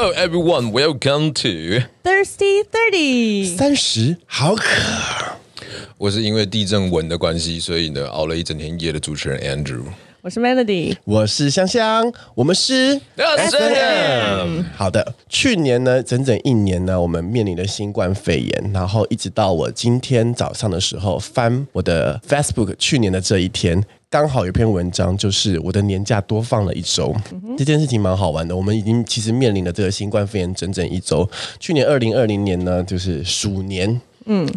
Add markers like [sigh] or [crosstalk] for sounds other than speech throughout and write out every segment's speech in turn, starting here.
Hello everyone, welcome to Thirsty Thirty。三十好渴。我是因為地震文的關係，所以呢熬了一整天夜的主持人 Andrew。我是 Melody，我是香香，我們是 S&M。好的，去年呢整整一年呢，我們面臨的新冠肺炎，然後一直到我今天早上的時候翻我的 Facebook，去年的這一天。剛好有篇文章，就是我的年假多放了一週，嗯，這件事情蠻好玩的。我們已經其實面臨了這個新冠肺炎整整一週。去年二零二零年呢，就是鼠年，嗯，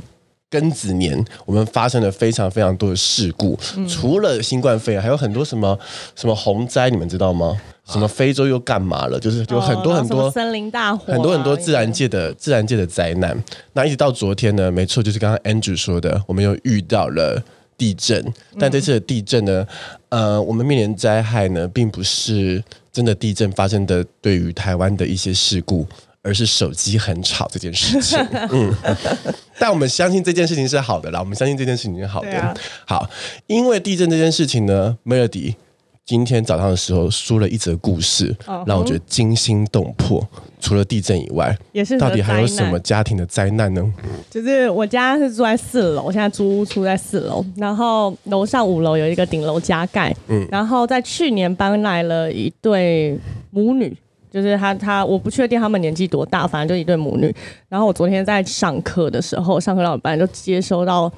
庚子年，我們發生了非常非常多的事故，嗯、除了新冠肺炎，還有很多什麼什麼洪災，你們知道嗎、啊？什麼非洲又幹嘛了？就是有很多很多森林大火，很多很多自然界的自然界的災難。那一直到昨天呢，沒錯，就是剛剛 Andrew 說的，我們又遇到了。地震，但這次的地震呢，嗯、呃，我們面臨災害呢，並不是真的地震發生的，對於台灣的一些事故，而是手機很吵這件事情。嗯， [laughs] 但我們相信這件事情是好的啦，我們相信這件事情是好的。啊、好，因為地震這件事情呢，Melody 今天早上的時候，輸了一則故事，哦嗯，讓我覺得驚心動魄。除了地震以外，也是到底還有什麼家庭的災難呢？就是我家是住在四樓，現在租屋住在四樓，然後樓上五樓有一個頂樓加蓋。嗯，然後在去年搬來了一對母女，就是她。她我不確定她們年紀多大，反正就一對母女。然後我昨天在上課的時候，上課老板班就接收到。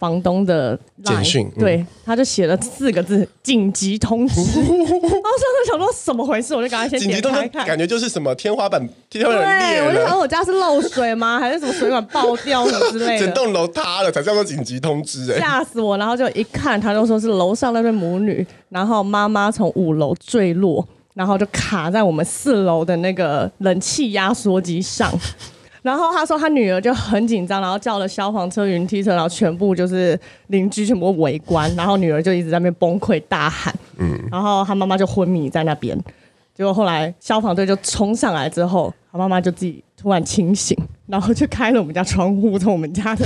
房東的 line，簡訊、嗯，對，他就寫了四個字：緊、嗯、急通知。然 [laughs] 後、哦、我當時想說，怎麼回事？我就趕快先點開一看。緊急通知。感覺就是什麼天花板，天花板裂了。對，我就想說，我家是漏水嗎？ [laughs] 還是什麼水管爆掉了之類的，整棟樓塌了才叫做緊急通知、欸，哎，嚇死我！然後就一看，他就說是樓上那對母女，然後媽媽從五樓墜落，然後就卡在我們四樓的那個冷氣壓縮機上。 [laughs] 然後他說他女兒就很緊張，然後叫了消防車、雲梯車，然後全部就是鄰居全部圍觀，然後女兒就一直在那邊崩潰大喊，嗯，然後他媽媽就昏迷在那邊，結果後來消防隊就衝上來之後，他媽媽就自己突然清醒，然後就開了我們家窗戶從我們家的。.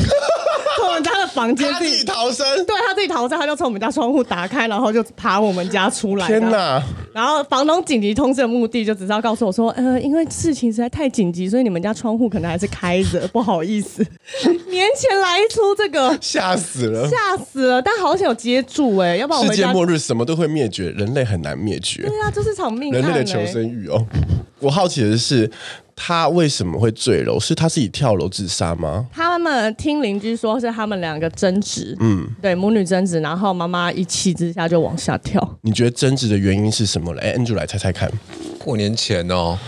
房間自己，他自己逃生，對，他自己逃生，他就從我們家窗戶打開，然後就爬我們家出來。天吶，然後房東緊急通知的目的，就只是要告訴我說，嗯、呃，因為事情實在太緊急，所以你們家窗戶可能還是開着，不好意思。 [laughs] 年前來一出這個，嚇死了，嚇死了！但好想有接住哎、欸，要不然世界末日什麼都會滅絕，人類很難滅絕。對啊，這是場命。人類的求生欲哦， [laughs] 我好奇的是。他為什麼會墜樓？是他自己跳樓自殺嗎？他們聽鄰居說是他們兩個爭執，嗯，對，母女爭執，然後媽媽一氣之下就往下跳。你覺得爭執的原因是什麼呢？哎，Andrew 來猜猜看。過年前哦，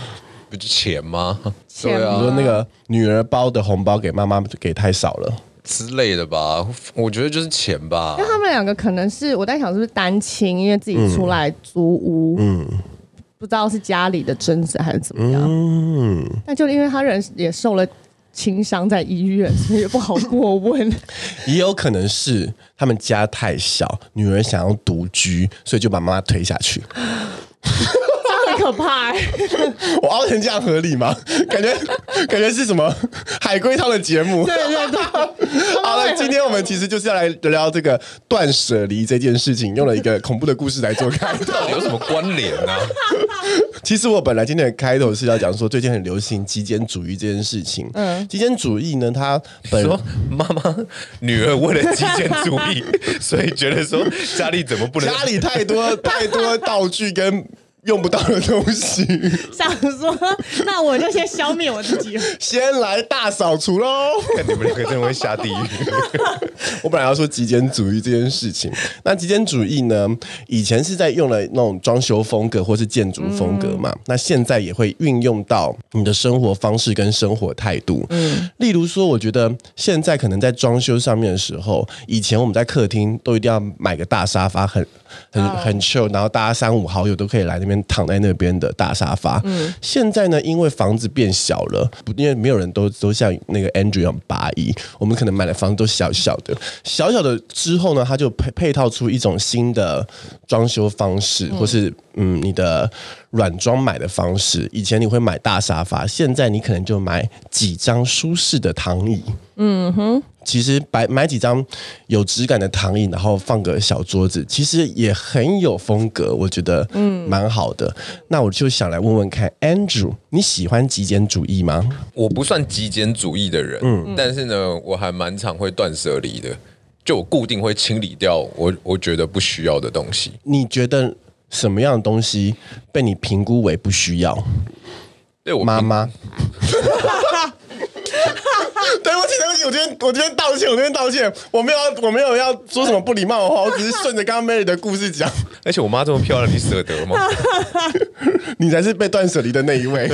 不就錢嗎？錢嗎，對啊，你說那個女兒包的紅包給媽媽給太少了之類的吧？我覺得就是錢吧。那他們兩個可能是我在想是不是單親，因為自己出來租屋，嗯。嗯不知道是家裡的爭執還是怎麼樣、嗯，但就因為他人也受了輕傷，在醫院，所以也不好過問。 [laughs] 也有可能是他們家太小，女兒想要獨居，所以就把媽媽推下去。 [laughs] 可怕！我凹成這樣合理嗎？感覺感覺是什麼海龜湯的節目？對對對 [laughs] 好了，今天我們其實就是要來聊聊這個斷捨離這件事情，用了一個恐怖的故事來做開頭，到底有什麼關聯呢？啊？ [laughs] 其實我本來今天的開頭是要講說，最近很流行極簡主義這件事情。嗯，極簡主義呢，他本說媽媽女兒為了極簡主義， [laughs] 所以覺得說家裡怎麼不能家裡太多太多道具跟。用不到的東西，想說，那我就先消滅我自己。先來大掃除嘍！看你們兩個真的會下地獄。 [laughs] 我本來要說極簡主義這件事情。那極簡主義呢，以前是在用了那種裝修風格或是建築風格嘛。嗯、那現在也會運用到你的生活方式跟生活態度。嗯，例如說，我覺得現在可能在裝修上面的時候，以前我們在客廳都一定要買個大沙發，很很很 chill，然後大家三五好友都可以來那邊，躺在那邊的大沙發，嗯。現在呢，因為房子變小了，不，因為沒有人都都像那個 Andrew 一樣八一，我們可能買的房子都小小的，小小的之後呢，他就配配套出一種新的裝修方式，嗯、或是嗯，你的。軟裝買的方式，以前你會買大沙發，現在你可能就買幾張舒適的躺椅。嗯哼，其實買買幾張有質感的躺椅，然後放個小桌子，其實也很有風格，我覺得嗯蠻好的。嗯。那我就想來問問看，Andrew，你喜歡極簡主義嗎？我不算極簡主義的人，嗯，但是呢，我還蠻常會斷捨離的，就我固定會清理掉我我覺得不需要的東西。你覺得？什麼樣的東西被你評估為不需要？媽、欸、媽。 [laughs] 對不起，對不起，我今天我今天道歉，我今天道歉，我沒有要我沒有要說什麼不禮貌的話，我只是順着剛剛 Mary 的故事講。而且我媽這麼漂亮，你捨得嗎？ [laughs] 你才是被斷捨離的那一位。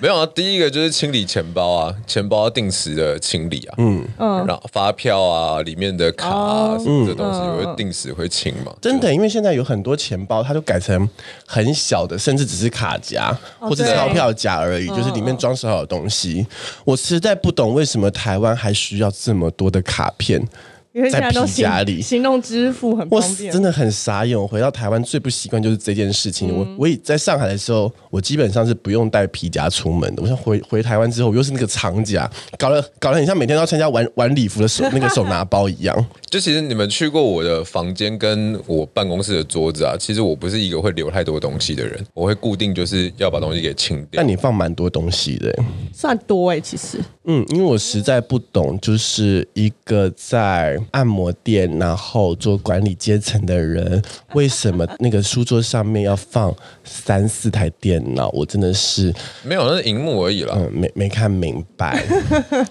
沒有啊，第一個就是清理錢包啊，錢包要定時的清理啊，嗯嗯，然後發票啊，裡面的卡啊，嗯、什麼的東西，我、嗯、會定時會清嘛。真的，因為現在有很多錢包，它就改成很小的，甚至只是卡夾、哦、或者鈔票夾而已，就是裡面裝少的東西、哦。我實在不懂為什。怎麼台灣還需要這麼多的卡片？因為現在皮夾裡行，行動支付很方便，我真的很傻眼。我回到台灣最不習慣就是這件事情。嗯、我我已在上海的時候，我基本上是不用帶皮夾出門的。我想回回台灣之後，我又是那個長夾，搞得搞得很像每天都要參加晚晚禮服的手 [laughs] 那個手拿包一樣。就其實你們去過我的房間跟我辦公室的桌子啊，其實我不是一個會留太多東西的人，我會固定就是要把東西給清掉。但你放蠻多東西的、欸，算多哎、欸，其實，嗯，因為我實在不懂，就是一個在。按摩店，然後做管理階層的人，為什麼那個書桌上面要放三四台電腦？我真的是沒有，那是熒幕而已了。嗯，沒沒看明白。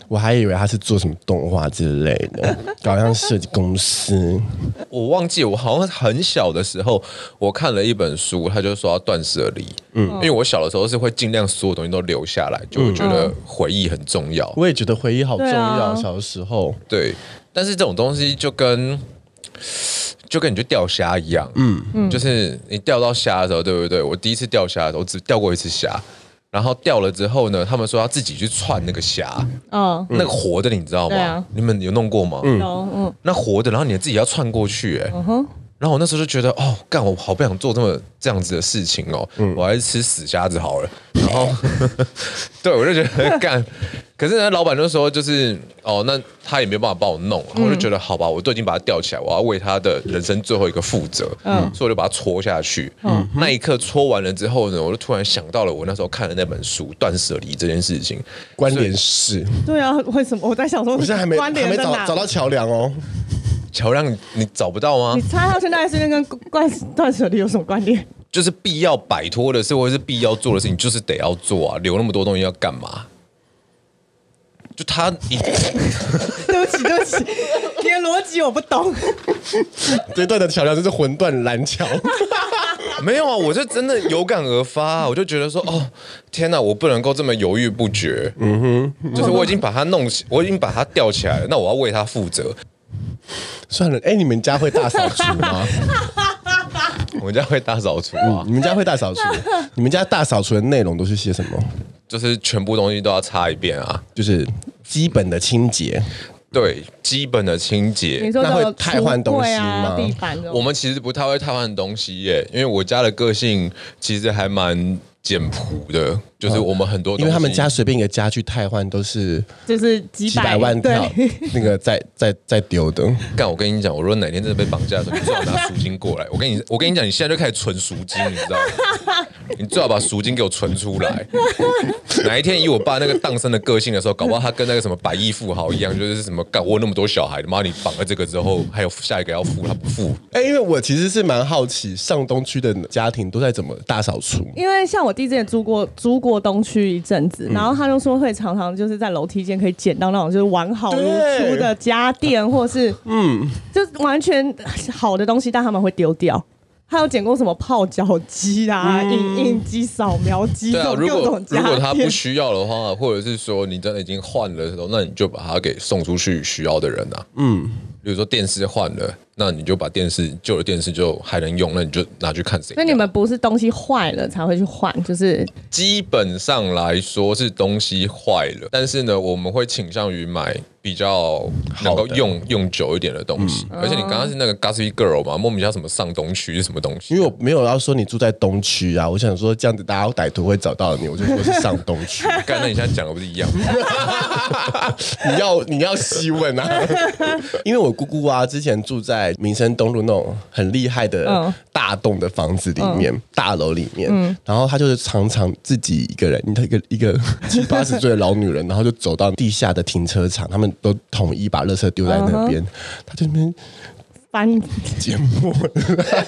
我還以為他是做什麼動畫之類的，好像設計公司。我忘記我好像很小的時候，我看了一本書，他就說要斷捨離。嗯，因為我小的時候是會盡量所有東西都留下來，就會覺得回憶很重要。嗯、我也覺得回憶好重要，啊、小的時候對。但是這種東西就跟就跟你去釣蝦一樣，嗯嗯，就是你釣到蝦的時候，對不對？我第一次釣蝦的時候，我只釣過一次蝦，然後釣了之後呢，他們說要自己去串那個蝦，哦、嗯，那個活的，你知道嗎、啊？你們有弄過嗎？嗯，那活的，然後你自己要串過去、欸，哎、嗯，然後我那時候就覺得，哦，幹，我好不想做這麼這樣子的事情哦，嗯、我還是吃死蝦子好了。然後，呵呵對我就覺得，幹、嗯，可是呢，老闆那時候就是，哦，那他也沒辦法幫我弄，嗯、然後我就覺得，好吧，我都已經把他吊起來，我要為他的人生最後一個負責，嗯，所以我就把他戳下去。嗯，那一刻戳完了之後呢，我就突然想到了我那時候看的那本書《斷捨離》這件事情，關聯是，對啊，為什麼？我在想說，我現在還沒關沒找找到橋樑哦。橋梁你，你找不到嗎？你拆掉去那事是跟斷斷捨離有什麼關聯？就是必要擺脫的事，或者是必要做的事情，你就是得要做啊！留那麼多東西要幹嘛？就他一， [laughs] 對不起，對不起，你 [laughs] 的邏輯我不懂。 [laughs] 這段的橋梁就是魂斷藍橋。 [laughs] 沒有啊，我就真的有感而發，啊，我就覺得說，哦，天哪，啊，我不能夠這麼猶豫不決嗯。嗯哼，就是我已經把它弄，起，我已經把它吊起來了， [laughs] 那我要為它負責。算了，哎、欸，你們家會大掃除嗎？ [laughs] 我們家會大掃除、啊嗯，你們家會大掃除？ [laughs] 你們家大掃除的內容都是些什麼？就是全部東西都要擦一遍啊，就是基本的清潔。對，基本的清潔、啊，那會汰換東西嗎、啊？我們其實不太會汰換東西耶、欸，因為我家的個性其實還蠻簡樸的。就是我們很多、哦，因為他們家隨便一個家具汰換都是就是幾百，幾百萬條，那個在在在丟的。但我跟你講，我如果哪天真的被綁架的時候，你最好拿贖金過來。我跟你我跟你講，你現在就開始存贖金，你知道嗎？你最好把贖金給我存出來。 [laughs] 哪一天以我爸那個蕩生的個性的時候，搞不好他跟那個什麼百億富豪一樣，就是什麼幹我有那麼多小孩，媽你綁了這個之後，還有下一個要付，他不付。哎、欸，因為我其實是蠻好奇，上東區的家庭都在怎麼大掃除？因為像我弟之前租過租過。過冬區一陣子，然後他就說會常常就是在樓梯間可以撿到那種就是完好如初的家電，或是嗯，就完全好的東西，但他們會丟掉。他有撿過什麼泡腳機啊、嗯、影印機、掃描機、這種家電、啊、如果如果他不需要的話，或者是說你真的已經換了的時候，那你就把它給送出去需要的人吶、啊。嗯，比如說電視換了。那你就把電視舊的電視就還能用，那你就拿去看誰、啊？那你們不是東西壞了才會去換？就是基本上來說是東西壞了，但是呢，我們會傾向於買比較能夠用好用，用久一點的東西。嗯、而且你剛剛是那個《Gossip Girl》嘛，莫名叫什麼上東區什麼東西、啊？因為我沒有要說你住在東區啊，我想說這樣子，大家歹徒會找到你。我就說是上東區，剛 [laughs] 才你，你現在講的不是一樣嗎 [laughs] [laughs] 你？你要你要細問啊， [laughs] 因為我姑姑啊，之前住在。民生東路那種很厲害的大棟的房子裡面，oh. 大樓裡面，oh. 然後他就是常常自己一個人，一個一個七八十歲的老女人， [laughs] 然後就走到地下的停車場，他們都統一把垃圾丟在那邊，uh-huh. 他就那邊。把你剪破了，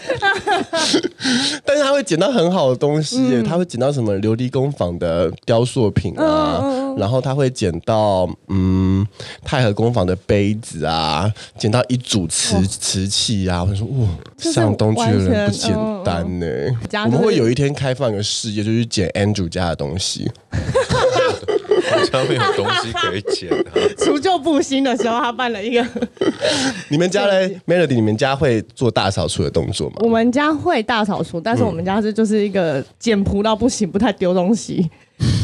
[laughs] [laughs] 但是他會撿到很好的東西，嗯，他會撿到什麼琉璃工坊的雕塑品啊，嗯嗯，然後他會撿到嗯太和工坊的杯子啊，撿到一組瓷，哦，瓷器啊，我就說哇，就是，上東區的人不簡單呢，嗯嗯就是。我們會有一天開放一個世界，就是撿 Andrew 家的東西。嗯 [laughs] 好像會有東西可以撿。除舊布新的時候，他辦了一個 [laughs] 。 [laughs] 你們家的 [laughs] Melody，你們家會做大掃除的動作嗎？我們家會大掃除，但是我們家是就是一個簡樸到不行，不太丟東西。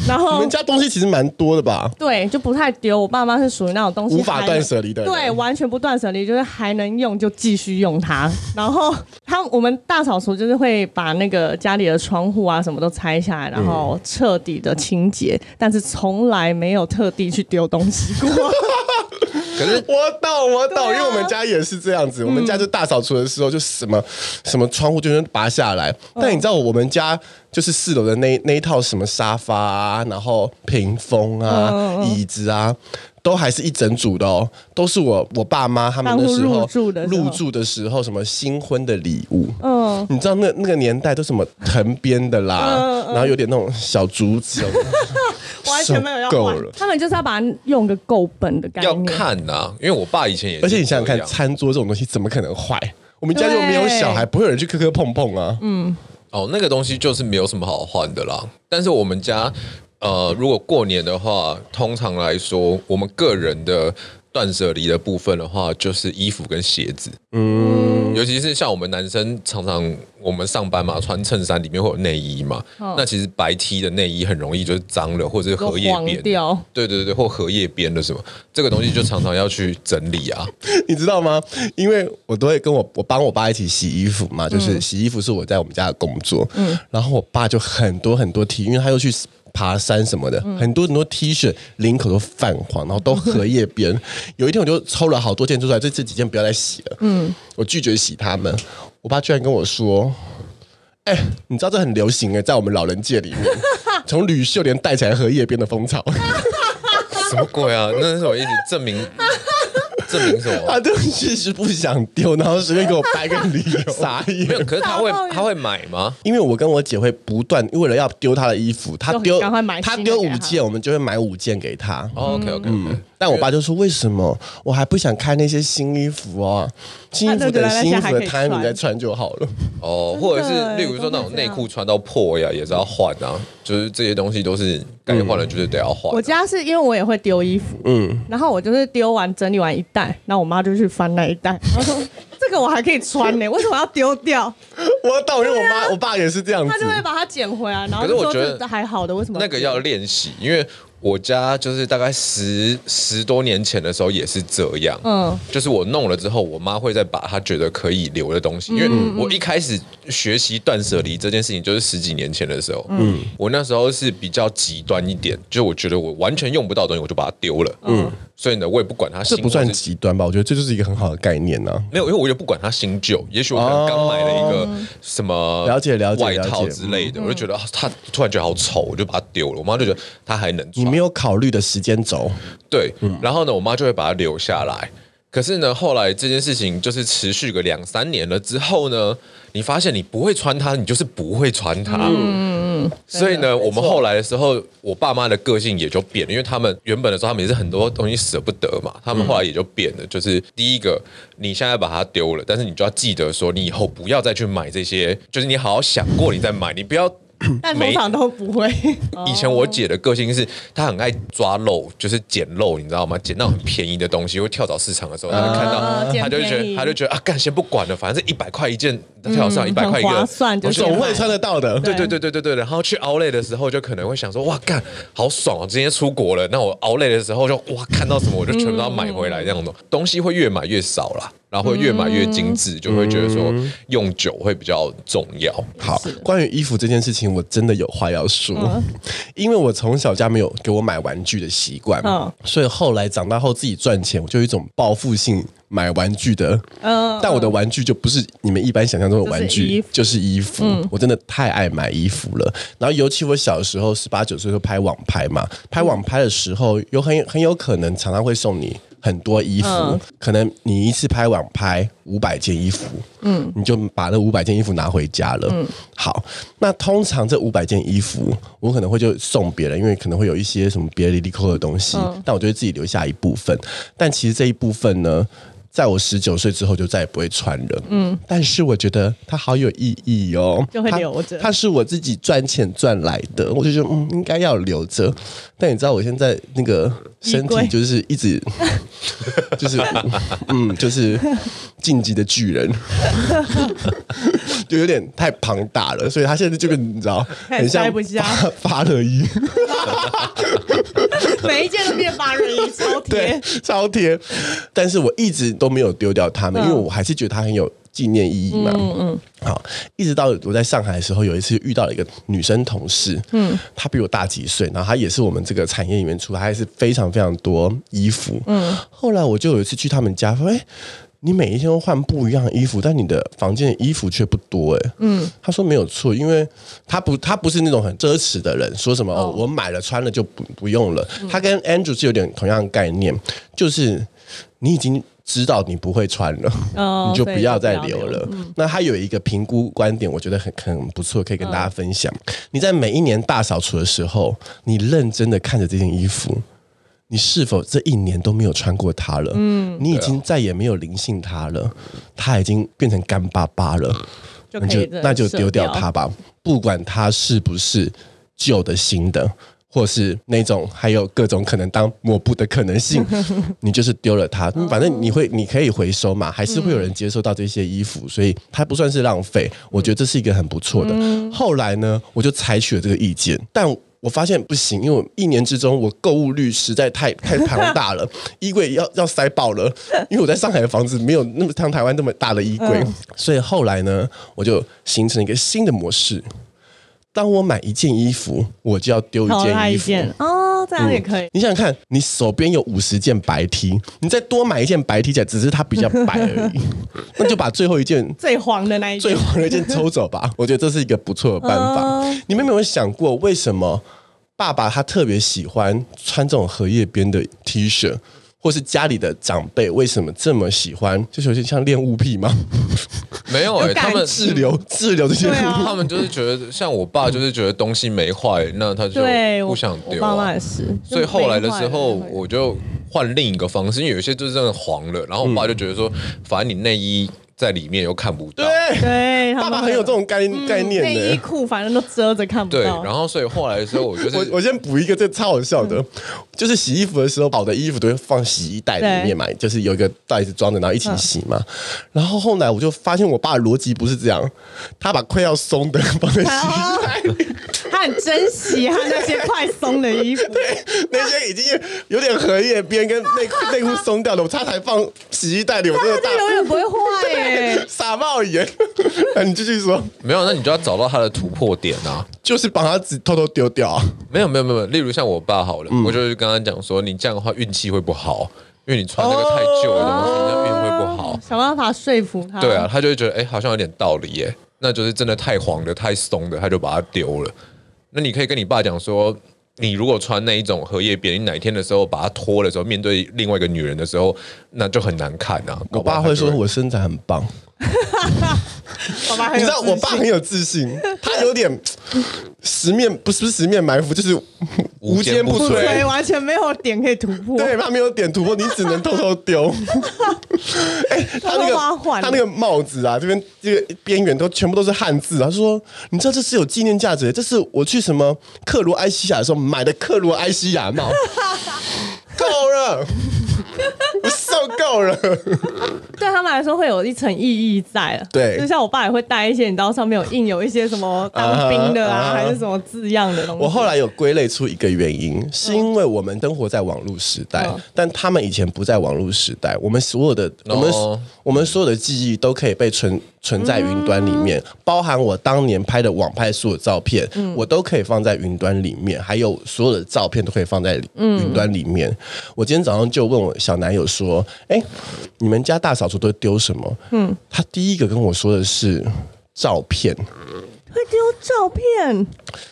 然後，你們家東西其實蠻多的吧？對，就不太丟。我爸媽是屬於那種東西無法斷捨離的、的，對，完全不斷捨離，就是還能用就繼續用它。 [laughs] 然後他，我們大掃除就是會把那個家裡的窗戶啊什麼都拆下來，然後徹底的清潔，嗯，但是從來沒有特地去丟東西過。 [laughs] [laughs] 可是我懂我懂、啊，因為我們家也是這樣子。嗯、我們家就大掃除的時候，就什麼什麼窗戶就能拔下來、嗯。但你知道，我們家就是四樓的那那一套什麼沙發啊，然後屏風啊、嗯、椅子啊，都還是一整組的哦。都是我我爸媽他們那時候入住的時候，時候什麼新婚的禮物。嗯，你知道那那個年代都什麼藤編的啦嗯嗯，然後有點那種小竹子有有、嗯。 [laughs] 完全沒有要、so、夠了，他們就是要把他用個夠本的感覺要看吶、啊，因為我爸以前也，而且你想想看，餐桌這種東西怎麼可能壞？我們家又沒有小孩，不會有人去磕磕碰碰啊。嗯，哦，那個東西就是沒有什麼好換的啦。但是我們家，呃，如果過年的話，通常來說，我們個人的斷捨離的部分的話，就是衣服跟鞋子。嗯。尤其是像我們男生，常常我們上班嘛，穿襯衫裡面會有內衣嘛。那其實白 T 的內衣很容易就是髒了，或者是荷葉邊，對對對，或荷葉邊的什麼，這個東西就常常要去整理啊， [laughs] 你知道嗎？因為我都會跟我我幫我爸一起洗衣服嘛，就是洗衣服是我在我們家的工作。嗯，然後我爸就很多很多 T，因為他又去。爬山什麼的，很多很多 T 恤領口都泛黃，然後都荷葉邊。有一天我就抽了好多件出來，這這幾件不要再洗了。嗯，我拒絕洗它們。我爸居然跟我說：“哎、欸，你知道這很流行哎、欸，在我們老人界裡面，從呂秀蓮帶起來荷葉邊的風潮，什麼鬼啊？那是我一直證明。”證明什麼？他都其實不想丟，然後隨便給我掰個理由撒野。 [laughs] 可是他會他會買嗎？因為我跟我姐會不斷為了要丟他的衣服，他丟他丟五件，我們就會買五件給他、哦嗯哦。OK OK, okay.。但我爸就說：“為什麼我還不想開那些新衣服啊？新衣服的 timing 再穿就好了。”哦，或者是例如說那種內褲穿到破呀，啊、也是要換啊。就是這些東西都是該換了，就是得要換、啊。嗯、我家是因為我也會丟衣服，嗯，然後我就是丟完整理完一袋，那我媽就去翻那一袋。說：“這個我還可以穿呢、欸，為什麼要丟掉 [laughs] ？”我要倒因為我媽我爸也是這樣子，他就會把它撿回來，然後可是我覺得還好的，為什麼？那個要練習，因為。我家就是大概十十多年前的時候也是這樣，嗯，就是我弄了之後，我媽會再把她覺得可以留的東西，因為我一開始學習斷捨離這件事情就是十幾年前的時候，嗯，我那時候是比較極端一點，就我覺得我完全用不到東西我就把它丟了，嗯。所以呢，我也不管它新舊，這不算極端吧？我覺得這就是一個很好的概念呢、啊。沒有，因為我也不管它新舊，也許我剛買了一個什麼了解了解外套之類的，嗯、我就覺得它突然覺得好醜，我就把它丟了。我媽就覺得它還能穿。你沒有考慮的時間軸。對、嗯，然後呢，我媽就會把它留下來。可是呢，後來這件事情就是持續個兩三年了之後呢，你發現你不會穿它，你就是不會穿它。嗯嗯。所以呢，我們後來的時候，我爸媽的個性也就變了，因為他們原本的時候他們也是很多東西捨不得嘛，他們後來也就變了。嗯、就是第一個，你現在把它丟了，但是你就要記得說，你以後不要再去買這些，就是你好好想過，你再買，你不要，但通常都不會。 [laughs] 以前我姐的個性是，她很愛抓漏，就是撿漏，你知道嗎？撿到很便宜的東西。會跳蚤市場的時候，她就看到，她、呃、就覺得，她就覺得啊，幹，先不管了，反正是一百塊一件，跳蚤市場，一百塊一個，我總會穿得到的。對對對對對對。然後去 Outlet 的時候，就可能會想說，哇，幹，好爽哦，我今天出國了。那我 Outlet 的時候就，就哇，看到什麼我就全部要買回來，嗯、這樣的東西會越買越少了。然後會越買越精緻，嗯、就會覺得說用久會比較重要。好，關於衣服這件事情，我真的有話要說，嗯、因為我從小家沒有給我買玩具的習慣、哦，所以後來長大後自己賺錢，我就有一種報復性買玩具的、哦。但我的玩具就不是你們一般想象中的玩具，就是衣服。就是衣服嗯、我真的太愛買衣服了。然後尤其我小時候十八九歲就拍網拍嘛，拍網拍的時候有很很有可能常常會送你很多衣服，嗯，可能你一次拍網拍五百件衣服，嗯，你就把那五百件衣服拿回家了。嗯，好，那通常這五百件衣服，我可能會就送別人，因為可能會有一些什麼別的利扣的東西，嗯、但我就會自己留下一部分。但其實這一部分呢，在我十九歲之後就再也不會穿了。嗯，但是我覺得它好有意義哦、喔，就會留著。它是我自己賺錢賺來的，我就覺得嗯，應該要留着。但你知道我現在那個身體就是一直就是 [laughs] 嗯，就是進擊的巨人， [laughs] 就有點太龐大了，所以他現在就跟你知道很像發熱衣， [laughs] 每一件都變發熱衣，超貼，對，超貼。但是我一直都。都沒有丟掉他們，因為我還是覺得他很有紀念意義嘛。嗯嗯，好，一直到我在上海的時候，有一次遇到了一個女生同事，嗯，她比我大幾歲，然後她也是我們這個產業裡面出來，她也是非常非常多衣服。嗯，後來我就有一次去他們家說：“哎，你每一天都換不一樣的衣服，但你的房間的衣服卻不多。”哎，嗯，她說沒有錯，因為她不，他不是那種很奢侈的人，說什麼哦，我買了穿了就不不用了。她、嗯、跟 Andrew 是有點同樣概念，就是你已經。知道你不會穿了，哦，你就不要再留了。留了。那他有一個評估觀點，我覺得很很不錯，可以跟大家分享。嗯，你在每一年大掃除的時候，你認真的看着這件衣服，你是否這一年都沒有穿過它了？嗯，你已經再也沒有靈性它了，它已經變成乾巴巴了，嗯，你就那就那就丟掉它吧，嗯，不管它是不是舊的新的。或是那種，還有各種可能當抹布的可能性，你就是丟了它，反正你會，你可以回收嘛，還是會有人接收到這些衣服，所以它不算是浪費。我覺得這是一個很不錯的。後來呢，我就採取了這個意見，但我發現不行，因為一年之中我購物率實在太太龐大了， [laughs] 衣櫃要要塞爆了。因為我在上海的房子沒有那麼像台灣那麼大的衣櫃，所以後來呢，我就形成一個新的模式。當我買一件衣服，我就要丟一件衣服件哦，這樣也可以。嗯，你想想看，你手邊有五十件白 T，你再多買一件白 T，起來只是它比較白而已， [laughs] 那就把最後一件最黃的那一件最黃的一件抽走吧。我覺得這是一個不錯的辦法。 [laughs] 你們有沒有想過，為什麼爸爸他特別喜歡穿這種荷葉邊的 T 恤或是家裡的長輩為什麼這麼喜歡？就是有些像戀物癖嗎？ [laughs] 沒有、欸、他們自留自、嗯、留這些、啊，他們就是覺得像我爸就是覺得東西沒壞、嗯，那他就不想丟、啊。所以後來的時候我就換另，另一個方式，因為有些就是真的黃了。然後我爸就覺得說，反正你內衣。在裡面又看不到對， [laughs] 對爸爸很有這種概念、嗯、概念的。內衣褲反正都遮着看不到。對，然後所以後來的時候，我就是 [laughs] 我，我先補一個這超、個、好笑的、嗯，就是洗衣服的時候，把我的衣服都會放洗衣袋裡面嘛，就是有一個袋子裝着，然後一起洗嘛、啊。然後後來我就發現我爸的邏輯不是這樣，他把快要鬆的放在洗衣袋裡。 [laughs] 真惜他那些快鬆的衣服， [laughs] 對笑對笑對笑那些已經有點荷葉邊跟內內褲鬆掉了。我他台放洗衣袋裡。我真的大 [laughs] 永遠不會壞耶，傻帽耶！你繼續說，沒有，那你就要找到他的突破點啊，就是幫他子偷偷丟掉、啊。沒有，沒有，沒有，例如像我爸好了，嗯、我就是剛剛講說，你這樣的話運氣會不好、嗯，因為你穿那個太舊的東西，啊、那運氣不好。想辦法說服他，對啊，他就會覺得哎、欸，好像有點道理耶、欸。那就是真的太黃的、太鬆的，他就把它丟了。那你可以跟你爸講說，你如果穿那一種荷葉邊，你哪天的時候把它脫的時候，面對另外一個女人的時候，那就很難看啊。我爸會說，我身材很棒。 [laughs] 我爸很你知道我爸很有自信， [laughs] 他有點十面不是不是十面埋伏，就是無堅不摧，完全沒有點可以突破。 [laughs] 對，他沒有點突破，你只能偷偷丟。 [laughs] 欸、他那個都都他那個帽子啊，這邊這個邊緣都全部都是漢字。他說：“你知道這是有紀念價值的，這是我去什麼克羅埃西亞的時候買的克羅埃西亞帽，夠 [laughs] Go 了。 [laughs] ”我受夠了。對他們來說會有一層意義在、啊、對，就像我爸也會帶一些，你知道上面有印有一些什麼當兵的啊，uh -huh, uh -huh. 還是什麼字樣的東西。我後來有歸類出一個原因，是因為我們生活在網絡時代、嗯，但他們以前不在網絡時代。我們所有的我們、oh. 我們所有的記憶都可以被存存在雲端裡面、嗯，包含我當年拍的網拍所有的照片、嗯，我都可以放在雲端裡面，還有所有的照片都可以放在雲端裡面。嗯、我今天早上就問我小男友說：“哎、欸，你們家大掃除都丟什麼？”嗯，他第一個跟我說的是照片，會丟照片？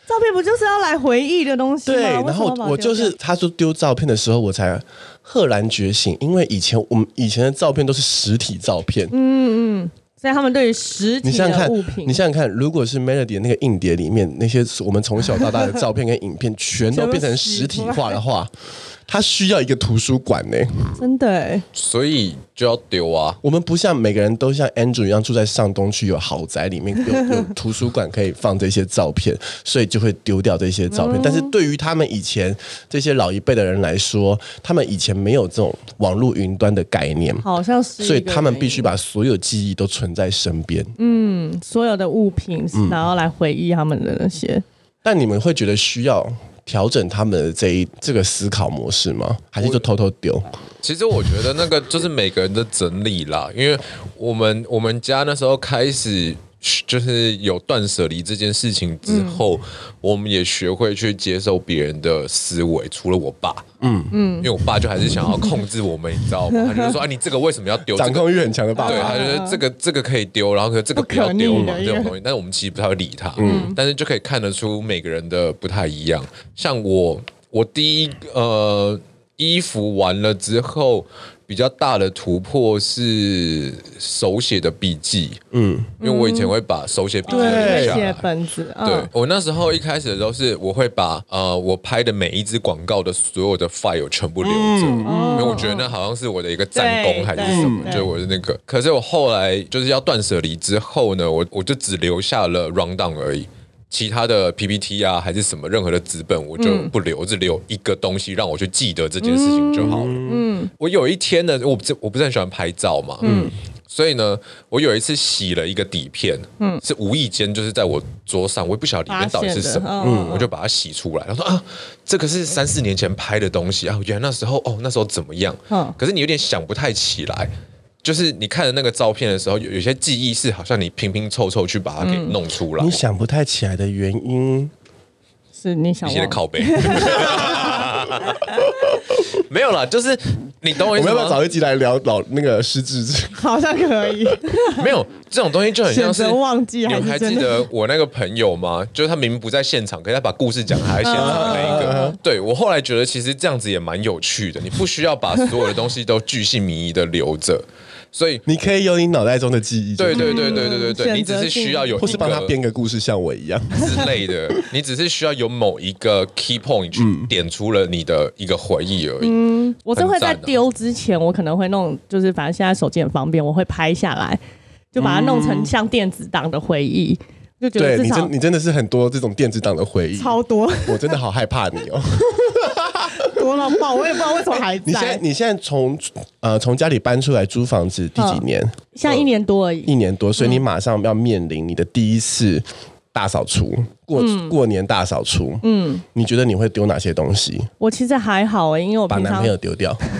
照片不就是要來回憶的東西嗎？對。然後我就是他說丟照片的時候，我才赫然覺醒，因為以前我們以前的照片都是實體照片。嗯嗯，所以他們對於實體，你想想看，你想想看，如果是 Melody 的那個硬碟裡面那些我們從小到大的照片跟影片，全都變成實體化的話。他需要一個圖書館呢，真的，所以就要丟啊。我們不像每個人都像 Andrew 一樣住在上東區有豪宅裡面有，有有圖書館可以放這些照片，所以就會丟掉這些照片。但是對於他們以前這些老一輩的人來說，他們以前沒有這種網絡雲端的概念，好像是，所以他們必須把所有記憶都存在身邊。嗯，所有的物品然後來回憶他們的那些。嗯，但你們會覺得需要？調整他們的這一這個思考模式嗎？還是就偷偷丟？其實我覺得那個就是每個人的整理啦，因為我們我們家那時候開始，就是有斷捨離這件事情之後，嗯，我們也學會去接受別人的思維。除了我爸，嗯嗯，因為我爸就還是想要控制我們，你知道嗎？嗯，他就說，哎，你這個為什麼要丟，這個？掌控欲很強的爸爸，對，他覺得這個這個可以丟，然後這個不要丟嘛，這種東西。但是我們其實不太會理他，嗯，但是就可以看得出每個人的不太一樣。像我，我第一，呃，衣服完了之後。比較大的突破是手寫的筆記，嗯，因為我以前會把手寫本子留下來。對，我那時候一開始的時候，是我會把呃我拍的每一支廣告的所有的 file 全部留着，嗯哦，因為我覺得那好像是我的一個戰功還是什麼，就我的那個對對對。可是我後來就是要斷捨離之後呢，我我就只留下了 round down 而已。其他的 PPT 啊，還是什麼任何的紙本，我就不留，嗯、我只留一個東西讓我去記得這件事情就好了。嗯，嗯，我有一天呢，我不是，我不是很喜歡拍照嘛，嗯，所以呢，我有一次洗了一個底片，嗯，是無意間就是在我桌上，我也不曉得裡面到底是什麼，嗯、哦，我就把它洗出來，然後說，啊，這個是三四年前拍的東西啊，原來那時候哦，那時候怎麼樣、哦？可是你有點想不太起來。就是你看的那個照片的時候，有有些記憶是好像你拼拼湊湊去把它給弄出來、嗯。你想不太起來的原因是你想要的靠背， [laughs] [laughs] [laughs] 沒有了。就是你懂我意思嗎？我們要不要找一集來聊老那個失智？ [laughs] 好像可以。 [laughs] 沒有這種東西就很像是忘記是。你們還記得我那個朋友嗎？就是他明明不在現場，可 [laughs] 是 [laughs] [laughs] 他把故事講，還在現場的那一個。啊、對，我後來覺得其實這樣子也蠻有趣的。你不需要把所有的東西都巨細靡遺的留着。所以你可以有你腦袋中的記憶，對對對對對對對，嗯、你只是需要有或是幫他編個故事，像我一樣之類的， [laughs] 你只是需要有某一個 key point 去點出了你的一個回憶而已。嗯，啊、我都會在丟之前，我可能會弄，就是反正現在手機很方便，我會拍下來，就把它弄成像電子檔的回憶。就覺得對你真，你真的是很多這種電子檔的回憶，超多。我真的好害怕你哦。 [laughs] 我老爸，我也不知道為什麼還在。欸、你現在你現在從呃從家裡搬出來租房子第幾年？現、嗯、在一年多而已。一年多，所以你馬上要面臨你的第一次大掃除，過、嗯、過年大掃除。嗯，你覺得你會丟哪些東西？我其實還好欸，因為我把男朋友丟掉。掉 [laughs]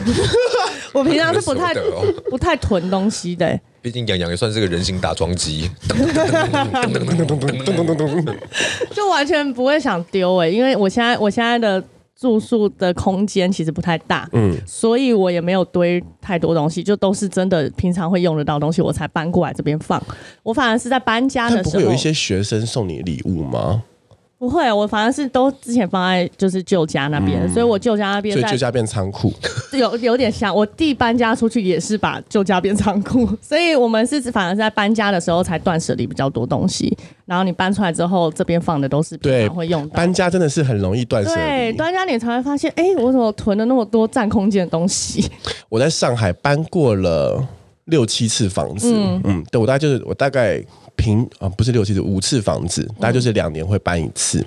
我平常是不太不太囤東西的、欸。畢竟洋洋也算是個人形打樁機，就完全不會想丟哎、欸，因為我現在我現在的。住宿的空間其實不太大，嗯，所以我也沒有堆太多東西，就都是真的平常會用得到東西，我才搬過來這邊放。我反而是在搬家的時候，不會有一些學生送你禮物嗎？不會，我反正是都之前放在就是舊家那邊，嗯、所以我舊家那邊，所以舊家變倉庫，有有點像我弟搬家出去也是把舊家變倉庫，所以我們是反而是在搬家的時候才斷舍離比較多東西，然後你搬出來之後，這邊放的都是對會用到的，對。搬家真的是很容易斷舍離。對，搬家你才會發現，哎，我怎麼囤了那麼多占空間的東西？我在上海搬過了六七次房子，嗯，嗯對，我大概就是我大概。平啊，不是六七次，五次房子，大概就是兩年會搬一次、嗯。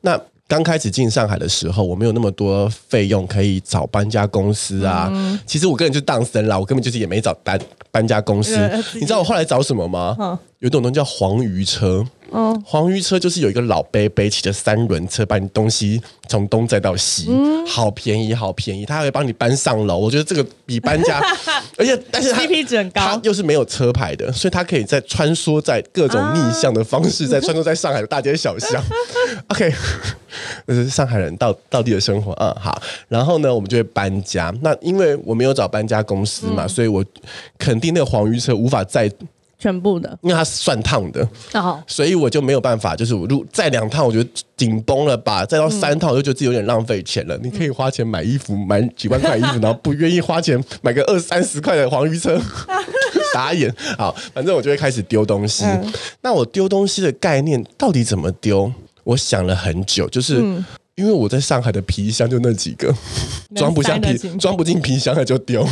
那剛開始進上海的時候，我沒有那麼多費用可以找搬家公司啊。嗯、其實我個人就當生啦，我根本就是也沒找搬搬家公司、嗯。你知道我後來找什麼嗎？嗯、有一種東西叫黃魚車。嗯，黃魚車就是有一個老伯伯騎著三輪車，把你東西從東載到西，嗯、好,便好便宜，好便宜，他還會幫你搬上樓。我覺得這個比搬家， [laughs] 而且但是他 CP 值很高、他又是沒有車牌的，所以他可以在穿梭在各種逆向的方式，在、啊、穿梭在上海的大街小巷。 [laughs] OK， [laughs] 就是上海人到到地的生活，嗯、啊，好。然後呢，我們就會搬家。那因為我沒有找搬家公司嘛，嗯、所以我肯定那個黃魚車無法再。全部的，因為它算燙的，Oh. 所以我就沒有辦法，就是我再兩套，我覺得緊繃了吧；再到三套，我就覺得自己有點浪費錢了、嗯。你可以花錢買衣服，買幾萬塊衣服， [laughs] 然後不願意花錢買個二三十塊的黃魚車，傻 [laughs] [laughs] 眼。好，反正我就會開始丟東西。嗯、那我丟東西的概念到底怎麼丟？我想了很久，就是。嗯因為我在上海的皮箱就那幾個，裝不下皮，裝不進皮箱了就丟。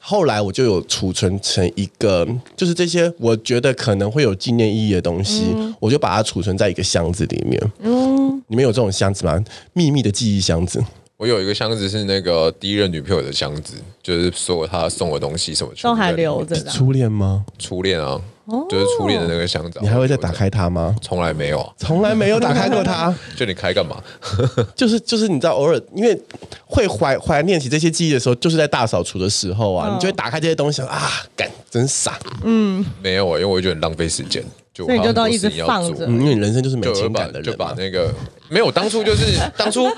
後來我就有儲存成一個，就是這些我覺得可能會有紀念意義的東西，嗯，我就把它儲存在一個箱子裡面。嗯，你們有這種箱子嗎？祕密的記憶箱子。我有一個箱子，是那個第一任女朋友的箱子，就是說她送我東西什麼，都還留着的，啊。初戀嗎？初戀啊，哦，就是初戀的那個箱子。你還會再打開它嗎？從來沒有，啊，從、嗯、來沒有打開過它。 [laughs] 就你開幹嘛， [laughs] 就是？就是就是，你知道，偶爾因為會懷懷念起這些記憶的時候，就是在大掃除的時候啊，哦，你就會打開這些東西啊，幹真傻，啊。嗯，沒有啊，因為我覺得很浪費時間，就我以就一直放着，嗯。因為你人生就是沒情感的人。就沒有，當初就是當初，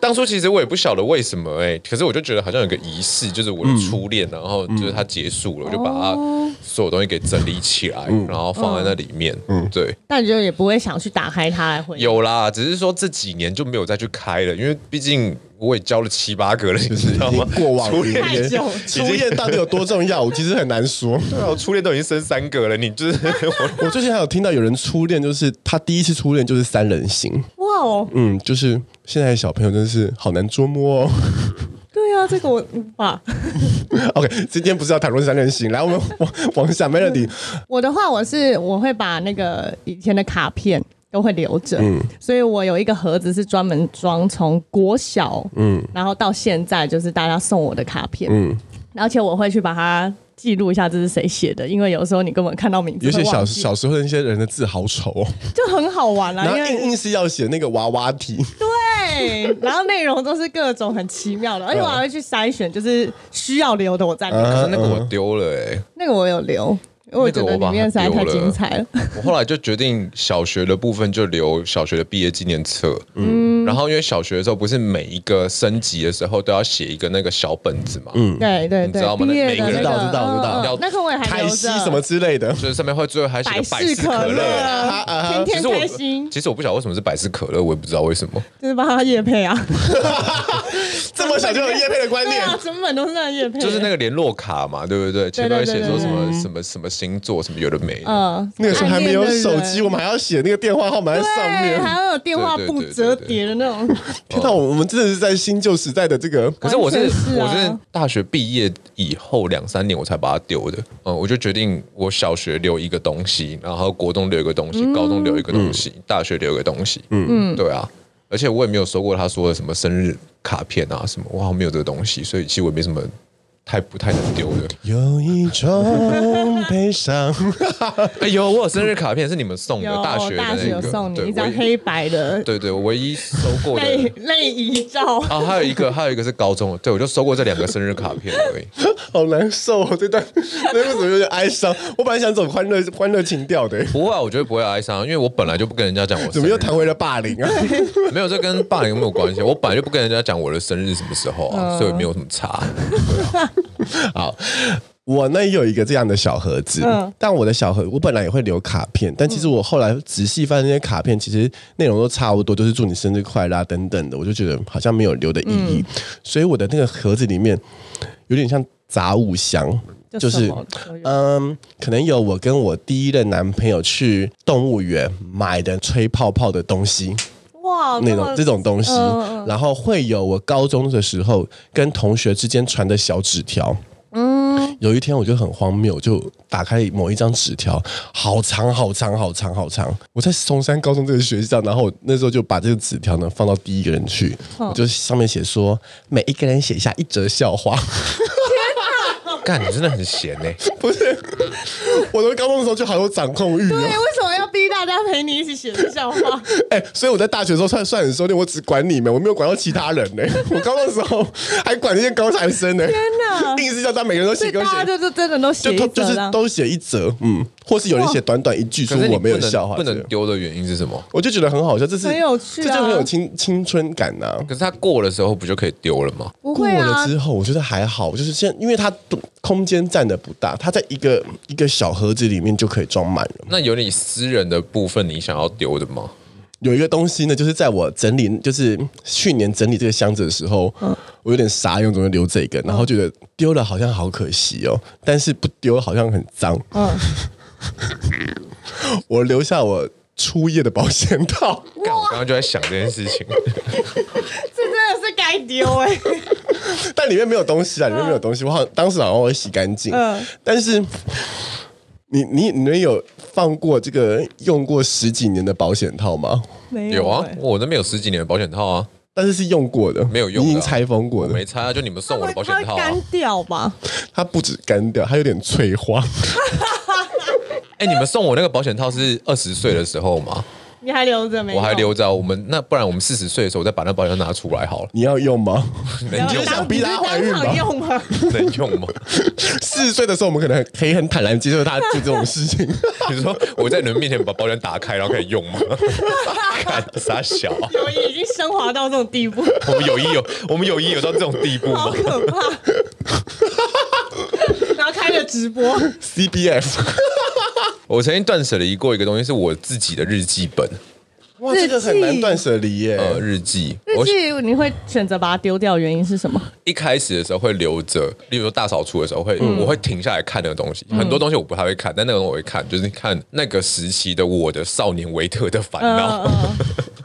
當初其實我也不曉得為什麼哎、欸，可是我就覺得好像有個儀式，就是我的初戀，嗯、然後就是它結束了，嗯、我就把它、哦、所有東西給整理起來、嗯，然後放在那裡面，嗯，嗯對。但你就也不會想去打開它來回憶。有啦，只是說這幾年就沒有再去開了，因為畢竟我也交了七八個了，你知道嗎？就是、過往初戀，初戀到底有多重要，我其實很難說。 [laughs] 對啊、我初戀都已經生三個了，你就是 [laughs] 我，我最近還有聽到有人初戀，就是他第一次初戀就是三人行哇。Wow 嗯，就是現在的小朋友真的是好難捉摸哦。對啊，這個我無法。 [laughs] OK，今天不是要討論三人行，來我們往下。王小 Melody。我的話，我是我會把那個以前的卡片都會留着，嗯，所以我有一個盒子是專門裝從國小，嗯，然後到現在就是大家送我的卡片，嗯，而且我會去把它。記錄一下這是誰寫的，因為有時候你根本看到名字。有些小小時候那些人的字好醜，哦， [laughs] 就很好玩啦，啊。然後硬硬是要寫那個娃娃體 [laughs] 對，然後內容都是各種很奇妙的， [laughs] 而且我還會去篩選，就是需要留的我再留，可是那個我丟了哎，欸，那個我有留。因為我把它留了，我後來就決定小學的部分就留小學的畢業紀念冊，嗯，然後因為小學的時候不是每一個升級的時候都要寫一個那個小本子嘛，嗯，對對，你知道嗎？每一個人知道知道要開心什麼之類的，所以上面會最後還寫個百事可樂，啊，天天開心其我。其實我不曉得為什麼是百事可樂，我也不知道為什麼，就是把它業配啊， [laughs] 這麼小就有業配的觀念、啊，整、啊啊、本都是業配，就是那個聯絡卡嘛，對不對，對？前面寫說什麼什麼什麼。星座什麼有的沒、呃，那個時候還沒有手機，我們還要寫那個電話號碼在上面，還有電話簿摺疊的那種。對對對對對。 [laughs] 天吶，我們真的是在新舊時代的這個、嗯。可是我是、是、啊、我是大學畢業以後兩三年我才把它丟的，嗯，我就決定我小學留一個東西，然後國中留一個東西，嗯、高中留一個東西、嗯，大學留一個東西，嗯，對啊，而且我也沒有收過他說的什麼生日卡片啊什麼，我好像沒有這個東西，所以其實我也沒什麼。太不太能丟了。有一種悲傷 [laughs] 哎。哎呦，我有生日卡片是你們送的有，大學的那個，送的一張黑白的對。對對，我唯一收過的。內衣照。啊，還有一個，還有一個是高中的，對我就收過這兩個生日卡片而已。好難受、哦，這段為什麼有點哀傷？我本來想走歡樂歡樂情調的。不會、啊，我覺得不會哀傷，因為我本來就不跟人家講我。怎麼又談回了霸凌啊？ [laughs] 沒有，這跟霸凌有沒有關係？我本來就不跟人家講我的生日什麼時候啊，所以沒有什麼差、啊。 [laughs] 好，我呢有一個這樣的小盒子。嗯、但我的小盒子，我本來也會留卡片，但其實我後來仔細翻那些卡片，其實內容都差不多，就是祝你生日快樂、啊、等等的，我就覺得好像沒有留的意義，嗯、所以我的那個盒子裡面有點像雜物箱，就是嗯、呃，可能有我跟我第一任男朋友去動物園買的吹泡泡的東西。那種這種東西，然後會有我高中的時候跟同學之間傳的小紙條。嗯，有一天我就很荒謬，我就打開某一張紙條，好長好長好長好長。我在松山高中這個學校，然後那時候就把這個紙條呢放到第一個人去，哦、我就上面寫說每一個人寫下一則笑話。 [laughs] 天啊！幹，你真的很閒哎、欸，不是？我讀高中的時候就好有掌控欲。對，家陪你一起寫的笑話，哎、欸，所以我在大學的時候算算的時候，我只管你們，我沒有管到其他人呢、欸。我高中的時候還管那些高材生呢、欸，天哪、啊，硬是叫他每個人都寫。大家就真的都寫，就是都寫一則，嗯，或是有人寫短短一句說我沒有笑話不，不能丟的原因是什麼？我就覺得很好笑，這是。沒有、啊、這就很有青青春感吶、啊。可是他過了時候不就可以丟了嗎？過了之後我覺得還好，就是現因為他空間占的不大，他在一個一個小盒子裡面就可以裝滿了。那有你私人的部分你想要丟的嗎？有一個東西呢，就是在我整理，就是去年整理這個箱子的時候，嗯、我有點傻，用怎麼留這一個，然後覺得丟了好像好可惜哦，但是不丟好像很髒，嗯， [laughs] 我留下我初夜的保險套，我剛剛就在想這件事情，這 [laughs] 真的是該丟哎、欸， [laughs] 但裡面沒有東西啊，裡面沒有東西，我好像當時好像我洗乾淨，嗯，但是。你你你們有放過這個用過十幾年的保險套嗎？沒有，有啊，我那邊有十幾年的保險套啊，但是是用過的，沒有用，已經拆封過了，沒拆、啊。就你們送我的保險套、啊、乾掉嗎？它不止乾掉，它有點脆化。哎、 [laughs] [laughs] 欸，你們送我那個保險套是二十歲的時候嗎？你還留着沒？我還留着。我們那不然我們四十歲的時候我再把那保險拿出來好了。你要用嗎？能用？你想逼他懷孕嗎？能用嗎？四十歲的時候我們可能可以很坦然接受他做這種事情。 [laughs] 比如說我在人面前把保險打開然後可以用嗎？傻 [laughs] 小、啊！友誼已經升華到這種地步。 [laughs] 我們友誼有我們友誼有到這種地步嗎？好可怕！ [laughs] 然後開了直播。CBF。 [laughs] 我曾經斷舍離過一個東西，是我自己的日記本。哇，這個很難斷舍離耶！呃，日記，日記你會選擇把它丟掉的原因是什麼？一開始的時候會留着，例如說大掃除的時候會、嗯，我會停下來看那個東西、嗯。很多東西我不太會看，但那個我會看，就是看那個時期的我的少年維特的煩惱。呃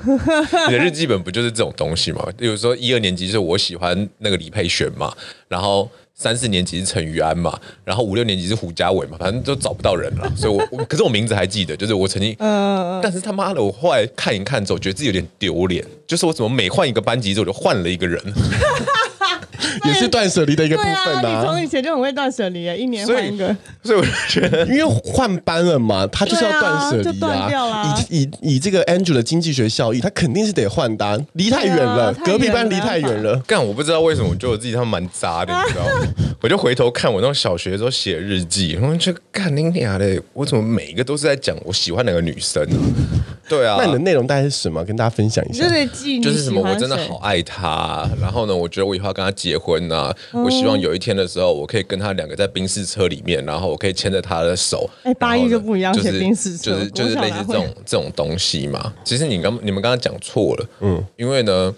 呃、 [laughs] 你的日記本不就是這種東西嗎？比如說一二年級是我喜歡那個李佩璇嘛，然後。三四年級是陳宇安嘛，然後五六年級是胡家偉嘛，反正都找不到人了，所以我我， [laughs] 可是我名字還記得，就是我曾經， [laughs] 但是他媽的，我後來看一看之後，覺得自己有點丟臉，就是我怎麼每換一個班級之後，我就換了一個人。 [laughs] 也是斷捨離的一個部分嘛、啊啊。你從以前就很會斷捨離，一年換一個。所以，所以我覺得，因為換班了嘛，他就是要斷捨離啊。以以以這個 Andrew 的經濟學效益，他肯定是得換班、啊，離太遠了、啊、了，隔壁班離太遠了。幹，我不知道為什麼，我覺得我自己他媽蠻渣的，你知道嗎？ [laughs] 我就回頭看我那種小學的時候寫日記，我就幹你娘嘞，我怎麼每一個都是在講我喜歡哪個女生呢？ [laughs] 對啊，那你的內容大概是什麼？跟大家分享一下就。就是什麼，我真的好愛她。然後呢，我覺得我以後要跟她結。結婚啊、嗯！我希望有一天的時候，我可以跟他兩個在賓士車裡面，然後我可以牽着他的手。哎、欸，大一就不一樣賓士車，就是賓士車就是就是類似這種這種東西嘛。其實你剛你們剛剛講錯了，嗯，因為呢，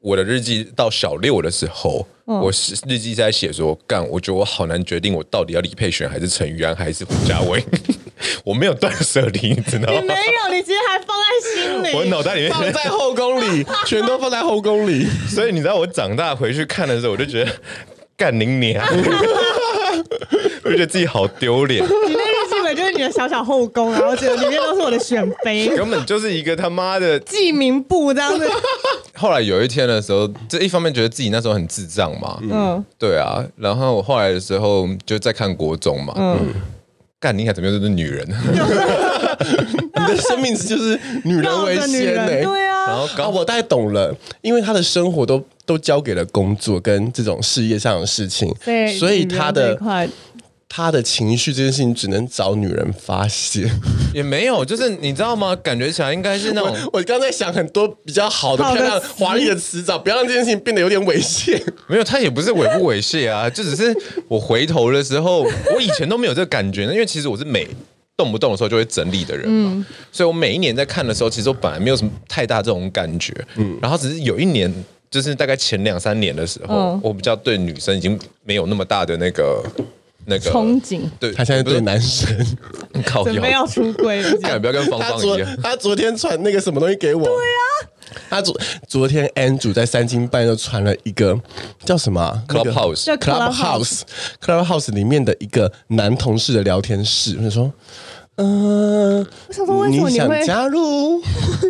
我的日記到小六的時候。Oh. 我是日記在寫說乾，我覺得我好難決定，我到底要李佩璇還是陳玉安還是胡家偉， [laughs] 我沒有斷捨離，你知道嗎？沒有，你直接還放在心裡，我腦袋裡面放在後宮裡， [laughs] 全都放在後宮裡。所以你知道我長大回去看的時候，我就覺得幹你娘，我 [laughs] 就覺得自己好丟臉。 [laughs] 小小後宮，然後覺得裡面都是我的選妃， [laughs] 根本就是一個他媽的記名簿這樣子 [laughs] 。後來有一天的時候，這一方面覺得自己那時候很智障嘛，嗯，對啊。然後我後來的時候就在看國中嘛，嗯、嗯，幹，你看怎麼樣都、就是女人， [laughs] [laughs] [laughs] 你的生命就是女人為先唄、欸，對啊。然後搞、啊，我大概懂了，因為他的生活都都交給了工作跟這種事業上的事情，對，所以他的。他的情緒這件事情只能找女人發泄，也沒有，就是你知道嗎？感覺起來應該是那種……我,我剛才想很多比較好的、漂亮、華麗的詞藻，不要讓這件事情變得有點猥褻。 [laughs] 沒有，他也不是猥不猥褻啊，就只是我回頭的時候，我以前都沒有這個感覺，因為其實我是每動不動的時候就會整理的人嘛、嗯、所以我每一年在看的時候，其實我本來沒有什麼太大這種感覺、嗯，然後只是有一年，就是大概前兩三年的時候，哦、我比較對女生已經沒有那麼大的那個。那個、憧憬，對，他現在對男神 [laughs] 靠，準備要出櫃了，千萬不要跟芳芳一樣。他昨，他昨天傳那個什麼東西給我？對啊，他昨昨天 Andrew 在三斤半又傳了一個叫什麼 Clubhouse，Clubhouse，Clubhouse、啊那個、clubhouse, clubhouse 裡面的一個男同事的聊天室。他說，嗯、呃，我想說為什麼你，你加入？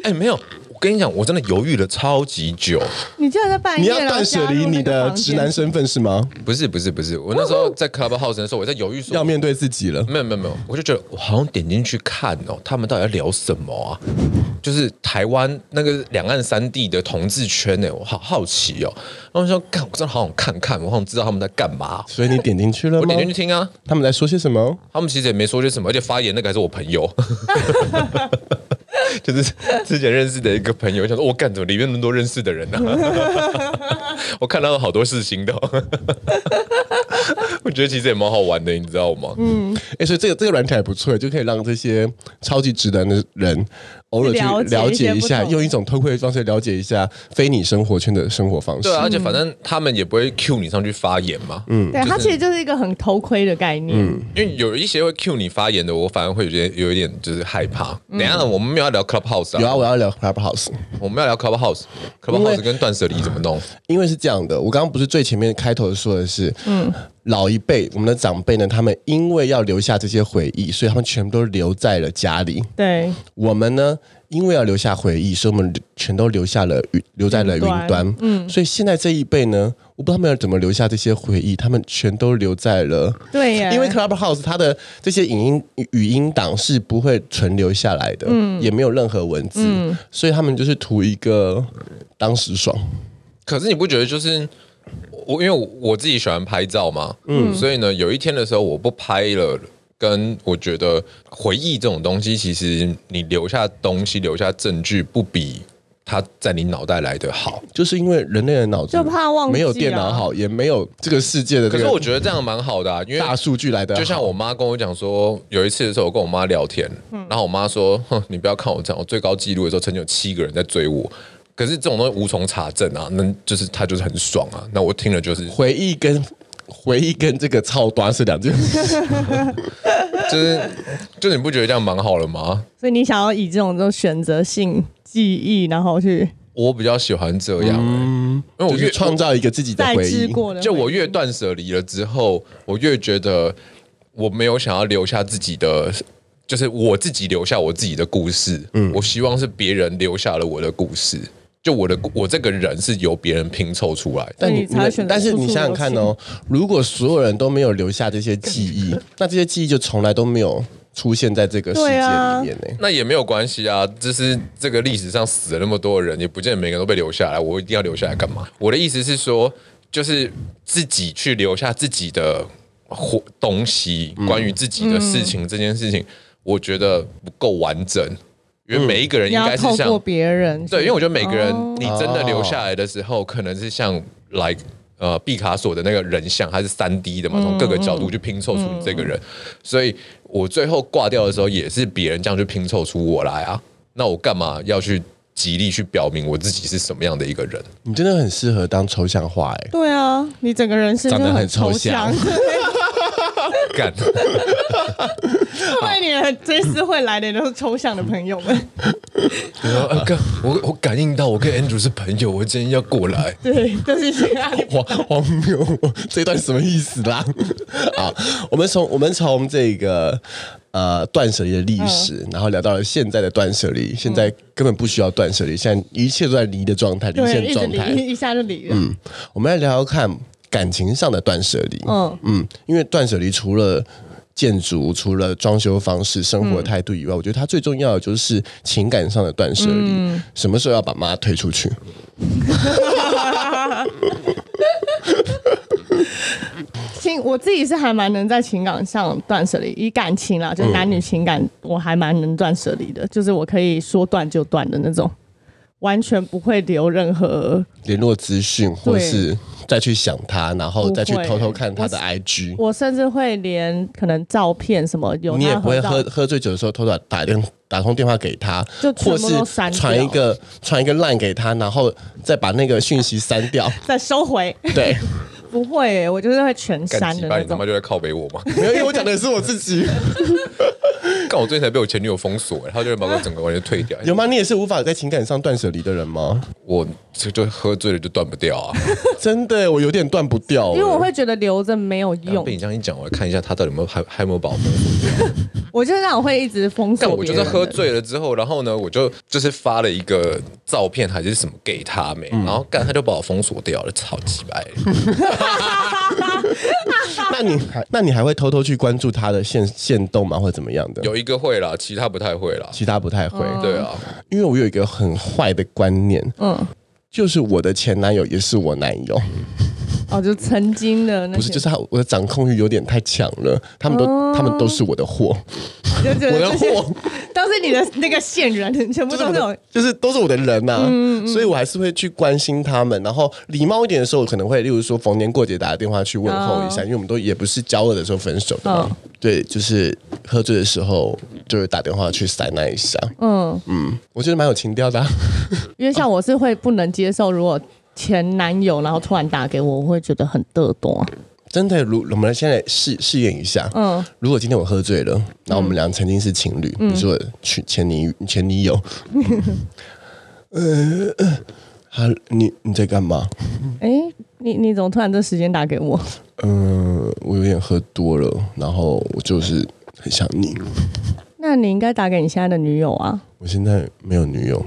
哎、欸，沒有。我跟你講，我真的猶豫了超級久。你就然在扮你要斷捨離你的直男身份是嗎？不是不是不是，我那時候在 Clubhouse 的時候，我在猶豫說要面對自己了。沒有沒有沒有，我就覺得我好像點進去看哦，他們到底在聊什麼啊？就是台灣那個兩岸三地的同志圈呢、欸，我好好奇哦。他們說，幹我真的好想看看，我好想知道他們在幹嘛。所以你點進去了嗎？我點進去聽啊，他們在說些什麼？他們其實也沒說些什麼，而且發言那個還是我朋友。 [laughs] [laughs] 就是之前認識的一個朋友，我想說我幹什麼裡面那麼多認識的人啊， [laughs] 我看到了好多事情的， [laughs] 我覺得其實也蠻好玩的，你知道嗎？嗯，哎、欸，所以這個這個軟體還不錯，就可以讓這些超級直男的人，偶爾去了解一下，一用一種偷窺的方式了解一下非你生活圈的生活方式。對、啊，而且反正他們也不會 cue 你上去發言嘛。嗯、就是，對，他其實就是一個很偷窺的概念。嗯，因為有一些會 cue 你發言的，我反而會覺得有一點就是害怕。嗯、等下，我們沒有要聊 Clubhouse、啊。有啊，我要聊 Clubhouse。我們要聊 Clubhouse。Clubhouse 跟斷捨離怎麼弄？因、呃，因為是這樣的，我剛剛不是最前面開頭說的是，嗯，老一輩，我們的長輩呢，他們因為要留下這些回憶，所以他們全部都留在了家裡。對。我們呢？因為要留下回憶，所以我們全都留下了，留在了雲端。嗯，所以現在這一輩呢，我不知道他們要怎麼留下這些回憶，他們全都留在了。對呀，因為 Clubhouse 它的這些影音、語音檔是不會存留下來的，嗯，也沒有任何文字，嗯，所以他們就是圖一個當時爽。可是你不覺得就是我，因為我自己喜歡拍照嘛，嗯，所以呢，有一天的時候我不拍了。跟我覺得回憶這種東西，其實你留下東西、留下證據，不比它在你腦袋來得好。就是因為人類的腦子就怕忘記，沒有電腦好，也沒有這個世界的。可是我覺得這樣蠻好的啊，因為大數據來得。就像我媽跟我講說，有一次的時候，我跟我媽聊天、嗯，然後我媽說：“哼，你不要看我這樣，我最高紀錄的時候，曾經有七個人在追我。”可是這種東西無從查證啊，那就是他就是很爽啊。那我聽了就是回憶跟。回憶跟這個超端是兩件事，就是，就你不覺得這樣蠻好的嗎？所以你想要以這種這種選擇性記憶，然後去，我比較喜歡這樣、欸嗯，因為我越創、就是、造一個自己的回憶。回憶，就我越斷捨離了之後，我越覺得我沒有想要留下自己的，就是我自己留下我自己的故事。嗯，我希望是別人留下了我的故事。就我的我這個人是由別人拼湊出來的，但你，才選的你，但是你想想看哦，如果所有人都沒有留下這些記憶， [laughs] 那這些記憶就從來都沒有出現在這個世界裡面呢、啊。那也沒有關係啊，就是這個歷史上死了那麼多人，也不見得每個人都被留下來。我一定要留下來幹嘛？我的意思是說，就是自己去留下自己的活東西，嗯、關於自己的事情，嗯、這件事情我覺得不夠完整。因為每一個人應該是像、嗯、別人對，因為我覺得每個人你真的留下來的時候，哦、可能是像 l、like, 呃畢卡索的那個人像還是三 D 的嘛，從各個角度去拼湊出你這個人、嗯。所以我最後掛掉的時候，也是別人這樣去拼湊出我來啊。那我幹嘛要去極力去表明我自己是什麼樣的一個人？你真的很適合當抽象畫哎、欸，對啊，你整個人是長得很抽象，幹。 [laughs] [laughs] [laughs] [laughs] 後面追思會來的都是抽象的朋友們。嗯啊啊、我我感應到我跟 Andrew 是朋友，我今天要過來。對，這、就是、啊、黃黃牛，這段什麼意思啦？啊， [laughs] 我們從我們從這個、呃、斷捨離的歷史、哦，然後聊到了現在的斷捨離、哦，現在根本不需要斷捨離，現在一切都在離的狀態，離線狀，狀態，一下就離了。嗯，我們來聊聊看感情上的斷捨離。嗯、哦、嗯，因為斷捨離除了。建築除了裝修方式、生活態度以外，嗯，我覺得它最重要的就是情感上的斷捨離，嗯。什麼時候要把媽推出去？親， [laughs] 我自己是還蠻能在情感上斷捨離，以感情啦，就男女情感，我還蠻能斷捨離的，嗯，就是我可以說斷就斷的那種。完全不會留任何聯絡資訊，或是再去想他，然後再去偷偷看他的 IG。我甚至會連可能照片什麼有。你也不會喝喝醉酒的時候偷偷打電打，打通電話給他，就或是傳一個傳一個 LINE 給他，然後再把那個訊息刪掉， [laughs] 再收回。對， [laughs] 不會、欸，我就是會全刪的那。感你他媽就在靠北我嗎？ [laughs] 沒有，因為我講的也是我自己。 [laughs] [laughs] 但我最近才被我前女友封鎖了，然後他就把我整個完全退掉了。有、啊、嗎？你也是無法在情感上斷捨離的人嗎？我就就喝醉了就斷不掉啊！ [laughs] 真的，我有點斷不掉，因為我會覺得留着沒有用。被你這樣一講，我來看一下他到底有沒有還還，還沒有把我封鎖掉？ [laughs] 我就是那種會一直封鎖。我就是喝醉了之後，然後呢，我就就是發了一個照片還是什麼給他沒，嗯、然後幹他就把我封鎖掉了，超奇怪。 [laughs] [laughs] 那你還，那你還會偷偷去關注他的現現動嗎？或者怎麼樣的？有一個會啦，其他不太會啦。其他不太會。對啊，因為我有一個很壞的觀念，嗯、oh，就是我的前男友也是我男友。哦，就曾經的那不是，就是他。我的掌控欲有點太強了。他們都、哦，他們都是我的貨，對對對 [laughs] 我的貨、就是就是、都是你的那個線人， [laughs] 全部都是，就是都是我的人嘛、啊。嗯，嗯，所以我還是會去關心他們，然後禮貌一點的時候，我可能會，例如說逢年過節打個電話去問候一下、哦，因為我們都也不是交惡的時候分手的嘛、哦。對，就是喝醉的時候就會打電話去塞那一下。嗯嗯，我覺得蠻有情調的、啊。 [laughs] 因為像我是會不能接受如果。前男友，然後突然打給我，我會覺得很嘚多。真的，如我們現在試試驗一下，嗯，如果今天我喝醉了，那我們倆曾經是情侶，嗯、說，你說，前前女前女友， [laughs] 嗯，他、 [laughs] 啊，你你在幹嘛？欸、你你怎麼突然這時間打給我？嗯，我有點喝多了，然後我就是很想你。那你應該打給你現在的女友啊。我現在沒有女友。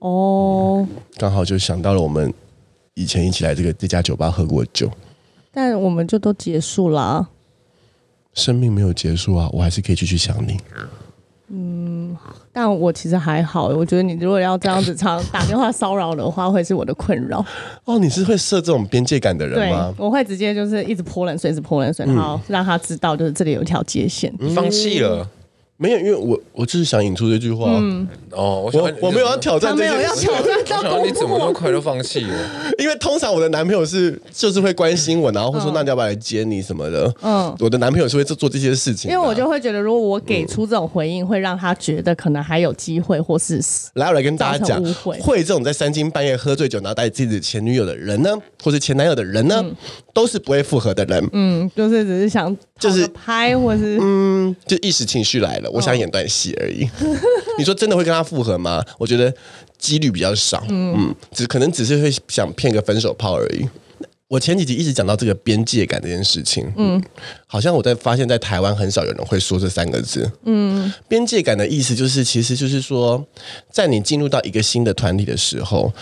哦，剛好就想到了我們以前一起來這個這家酒吧喝過酒，但我們就都結束了，啊，生命沒有結束啊，我還是可以繼續想你。嗯，但我其實還好，我覺得你如果要這樣子常 [laughs] 打電話騷擾的話，會是我的困擾。哦，你是會設這種邊界感的人嗎？我會直接就是一直潑冷水，一直潑冷水，然後讓他知道就是這裡有一條界限，你、嗯、放棄了。嗯沒有，因為我我就是想引出這句話。嗯哦，我，我，我沒有要挑戰這，沒有要挑戰到。 [laughs] 我你怎麼那麼快就放棄了？ [laughs] 因為通常我的男朋友是就是會關心我，然後會說，那你要不要來接你什麼的。嗯，我的男朋友是會做做這些事情、啊。因為我就會覺得，如果我給出這種回應，嗯、會讓他覺得可能還有機會，或是死來我來跟大家講，會這種在三更半夜喝醉酒，然後帶自己的前女友的人呢，或是前男友的人呢、嗯，都是不會復合的人。嗯，就是只是想。就是拍，或是嗯，就一時情緒來了，哦，我想演段戲而已。 [laughs] 你說真的會跟他復合嗎？我覺得幾率比較少，嗯，嗯，只可能只是會想騙個分手炮而已。我前幾集一直講到這個邊界感這件事情，嗯，好像我在發現，在台灣很少有人會說這三個字，嗯，邊界感的意思就是，其實就是說，在你進入到一個新的團體的時候。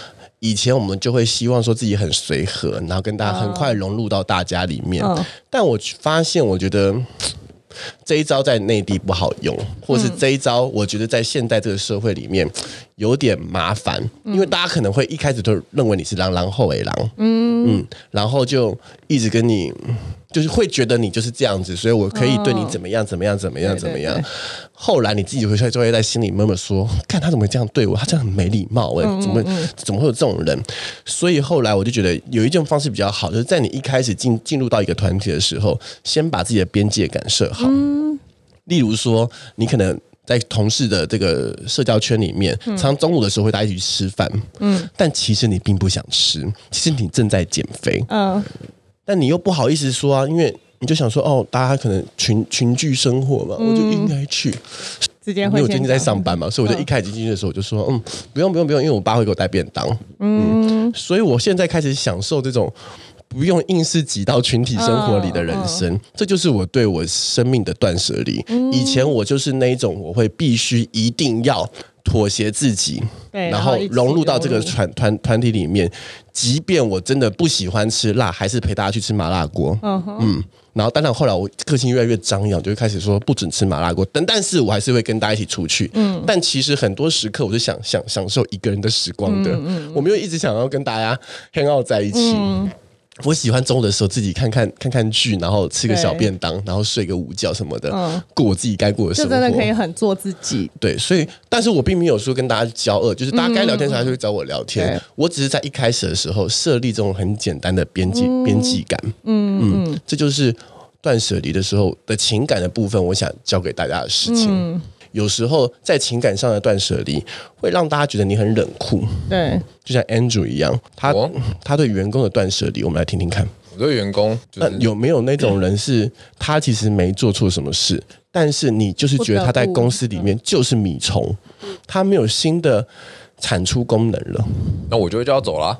以前我們就會希望說自己很隨和，然後跟大家很快融入到大家裡面。Oh. Oh. 但我發現，我覺得這一招在內地不好用，或者是這一招，我覺得在現代這個社會裡面有點麻煩，嗯，因為大家可能會一開始都認為你是狼狼後尾狼，嗯，然後就一直跟你。就是會覺得你就是這樣子，所以我可以對你怎麼樣怎麼樣怎麼樣怎麼樣。哦、對對對，後來你自己回去就會在心裡默默說：“看他怎麼這樣對我，他這樣很沒禮貌，欸，哎、嗯，怎麼怎麼會有這種人？”所以後來我就覺得有一種方式比較好，就是在你一開始進進入到一個團體的時候，先把自己的邊界感設好、嗯。例如說，你可能在同事的這個社交圈裡面，常常中午的時候會大家一起吃飯，嗯，但其實你並不想吃，其實你正在減肥，嗯、哦。但你又不好意思說啊，因為你就想說哦，大家可能群群聚生活嘛、嗯，我就應該去，因為我今天在上班嘛，所以我就一開始進去的時候我就說嗯,嗯，不用不用不用，因為我爸會給我帶便當嗯，嗯，所以我現在開始享受這種不用硬是擠到群體生活裡的人生，哦、這就是我對我生命的斷舍離、嗯。以前我就是那一種，我會必須一定要妥協自己，啊、然後融入到這個團團、嗯、團體裡面。即便我真的不喜歡吃辣，還是陪大家去吃麻辣鍋。Uh -huh. 嗯然後當然後來我個性越來越張揚，就會開始說不准吃麻辣鍋。但但是我還是會跟大家一起出去。嗯、uh -huh.，但其實很多時刻我是想享享受一個人的時光的。Uh -huh. 我沒有一直想要跟大家 hang out 在一起。Uh -huh. 我喜歡中午的時候自己看看看看劇，然後吃個小便當，然後睡個午覺什麼的，嗯、過我自己該過的生活。真的可以很做自己。對，所以，但是我並沒有說跟大家交惡，嗯，就是大家該聊天時還是會找我聊天，嗯。我只是在一開始的時候設立這種很簡單的邊界，嗯、邊界感，嗯。嗯，這就是斷捨離的時候的情感的部分，我想教給大家的事情。嗯有時候在情感上的斷捨離會讓大家覺得你很冷酷，對，就像 Andrew 一樣，他、哦、他對員工的斷捨離，我們來聽聽看。我對員工，那、就是啊、有沒有那種人是、嗯、他其實沒做錯什麼事，但是你就是覺得他在公司裡面就是米蟲，不不嗯、他沒有新的產出功能了，那我就就要走了。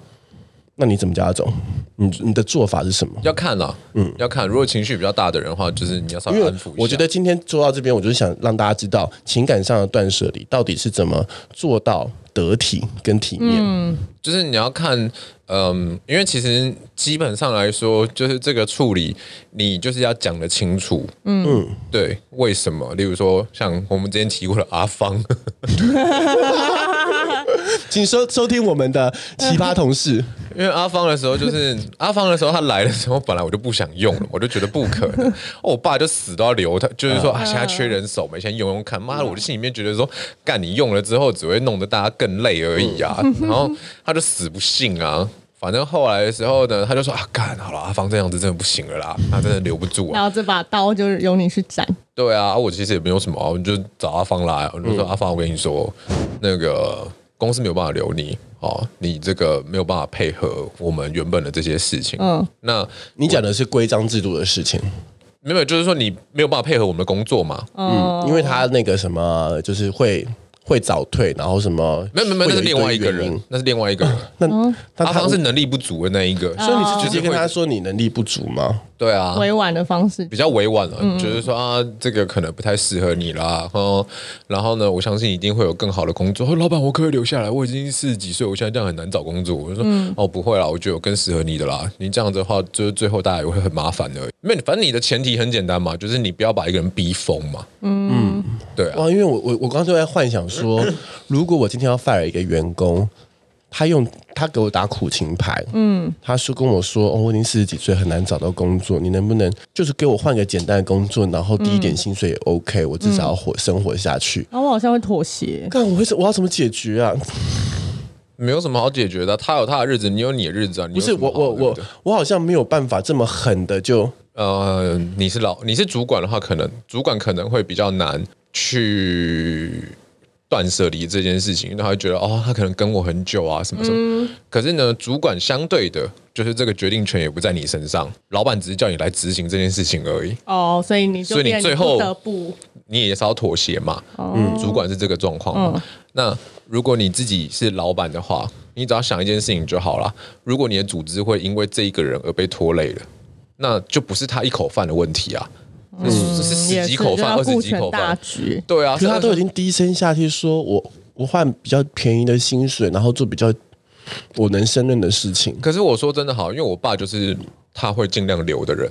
那你怎麼加總？你，你的做法是什麼？要看啦、啊，嗯，要看。如果情緒比較大的人的話，就是你要稍微安撫一下。我覺得今天做到這邊，我就是想讓大家知道情感上的斷捨離到底是怎麼做到得體跟體面。嗯，就是你要看，嗯，因為其實基本上來說，就是這個處理，你就是要講得清楚。嗯，對，為什麼？例如說，像我們之前提過的阿芳。嗯 [laughs] [laughs] 請收收聽我們的奇葩同事。嗯、因為阿芳的時候，就是 [laughs] 阿芳的時候，他來的時候，本來我就不想用了，我就覺得不可能、 [laughs] 哦。我爸就死都要留他，就是說、呃啊、現在缺人手嘛，先用用看。媽的、嗯，我的心裡面覺得說，幹你用了之後，只會弄得大家更累而已啊。嗯、然後他就死不信啊。反正後來的時候呢，他就說啊，幹好了，阿芳這樣子真的不行了啦，他真的留不住、啊。然後這把刀就是由你去斬。對啊，我其實也沒有什麼，我就找阿芳來，我就說阿芳，我跟你說、嗯、那個。公司沒有辦法留你，哦，你這個沒有辦法配合我們原本的這些事情。嗯那，那你講的是規章制度的事情，沒有，就是說你沒有辦法配合我們的工作嘛？嗯，因為他那個什麼，就是會會早退，然後什麼，沒有沒有，沒有，有那，那是另外一個人，那是另外一個人。那他好像、嗯、是能力不足的那一個，所以你是直接跟他說你能力不足嗎？對啊，委婉的方式比較委婉了、啊，就、嗯、是、嗯、說啊，這個可能不太適合你啦。然後呢，我相信一定會有更好的工作。哦、老板，我可,可以留下來，我已經四十幾歲，我現在這樣很難找工作。我就說、嗯，哦，不會啦，我覺得有更適合你的啦。你這樣子的話，就是最後大家也會很麻煩而已。因為反正你的前提很簡單嘛，就是你不要把一個人逼瘋嘛嗯。嗯，對啊。啊因為我我我剛才在幻想說，如果我今天要 fire 一個員工。他用他給我打苦情牌，嗯，他說，跟我說，哦，我已經四十幾歲，很難找到工作，你能不能就是給我換個簡單的工作，然後低一點薪水也 OK，我至少要活，嗯、生活下去。啊，我好像會妥協，看我會，我要怎麼解決啊？沒有什麼好解決的，他有他的日子，你有你的日子啊。你不是我、我、我，我好像沒有辦法這麼狠的就，呃、嗯、你是老你是主管的話，可能主管可能會比較難去。斷捨離這件事情，那他會覺得哦，他可能跟我很久啊，什麼什麼，嗯。可是呢，主管相對的，就是這個決定權也不在你身上，老板只是叫你來執行這件事情而已。哦，所以你所以你最後，你，不不你也稍妥協嘛。嗯，主管是這個狀況，嗯，那如果你自己是老板的話，你只要想一件事情就好了。如果你的組織會因為這一個人而被拖累了，那就不是他一口飯的問題啊。嗯，是十幾口飯，二十幾口飯。對啊，所以他都已經低聲下氣說我：“我我換比較便宜的薪水，然後做比較我能勝任的事情。”可是我說真的好，因為我爸就是他會盡量留的人。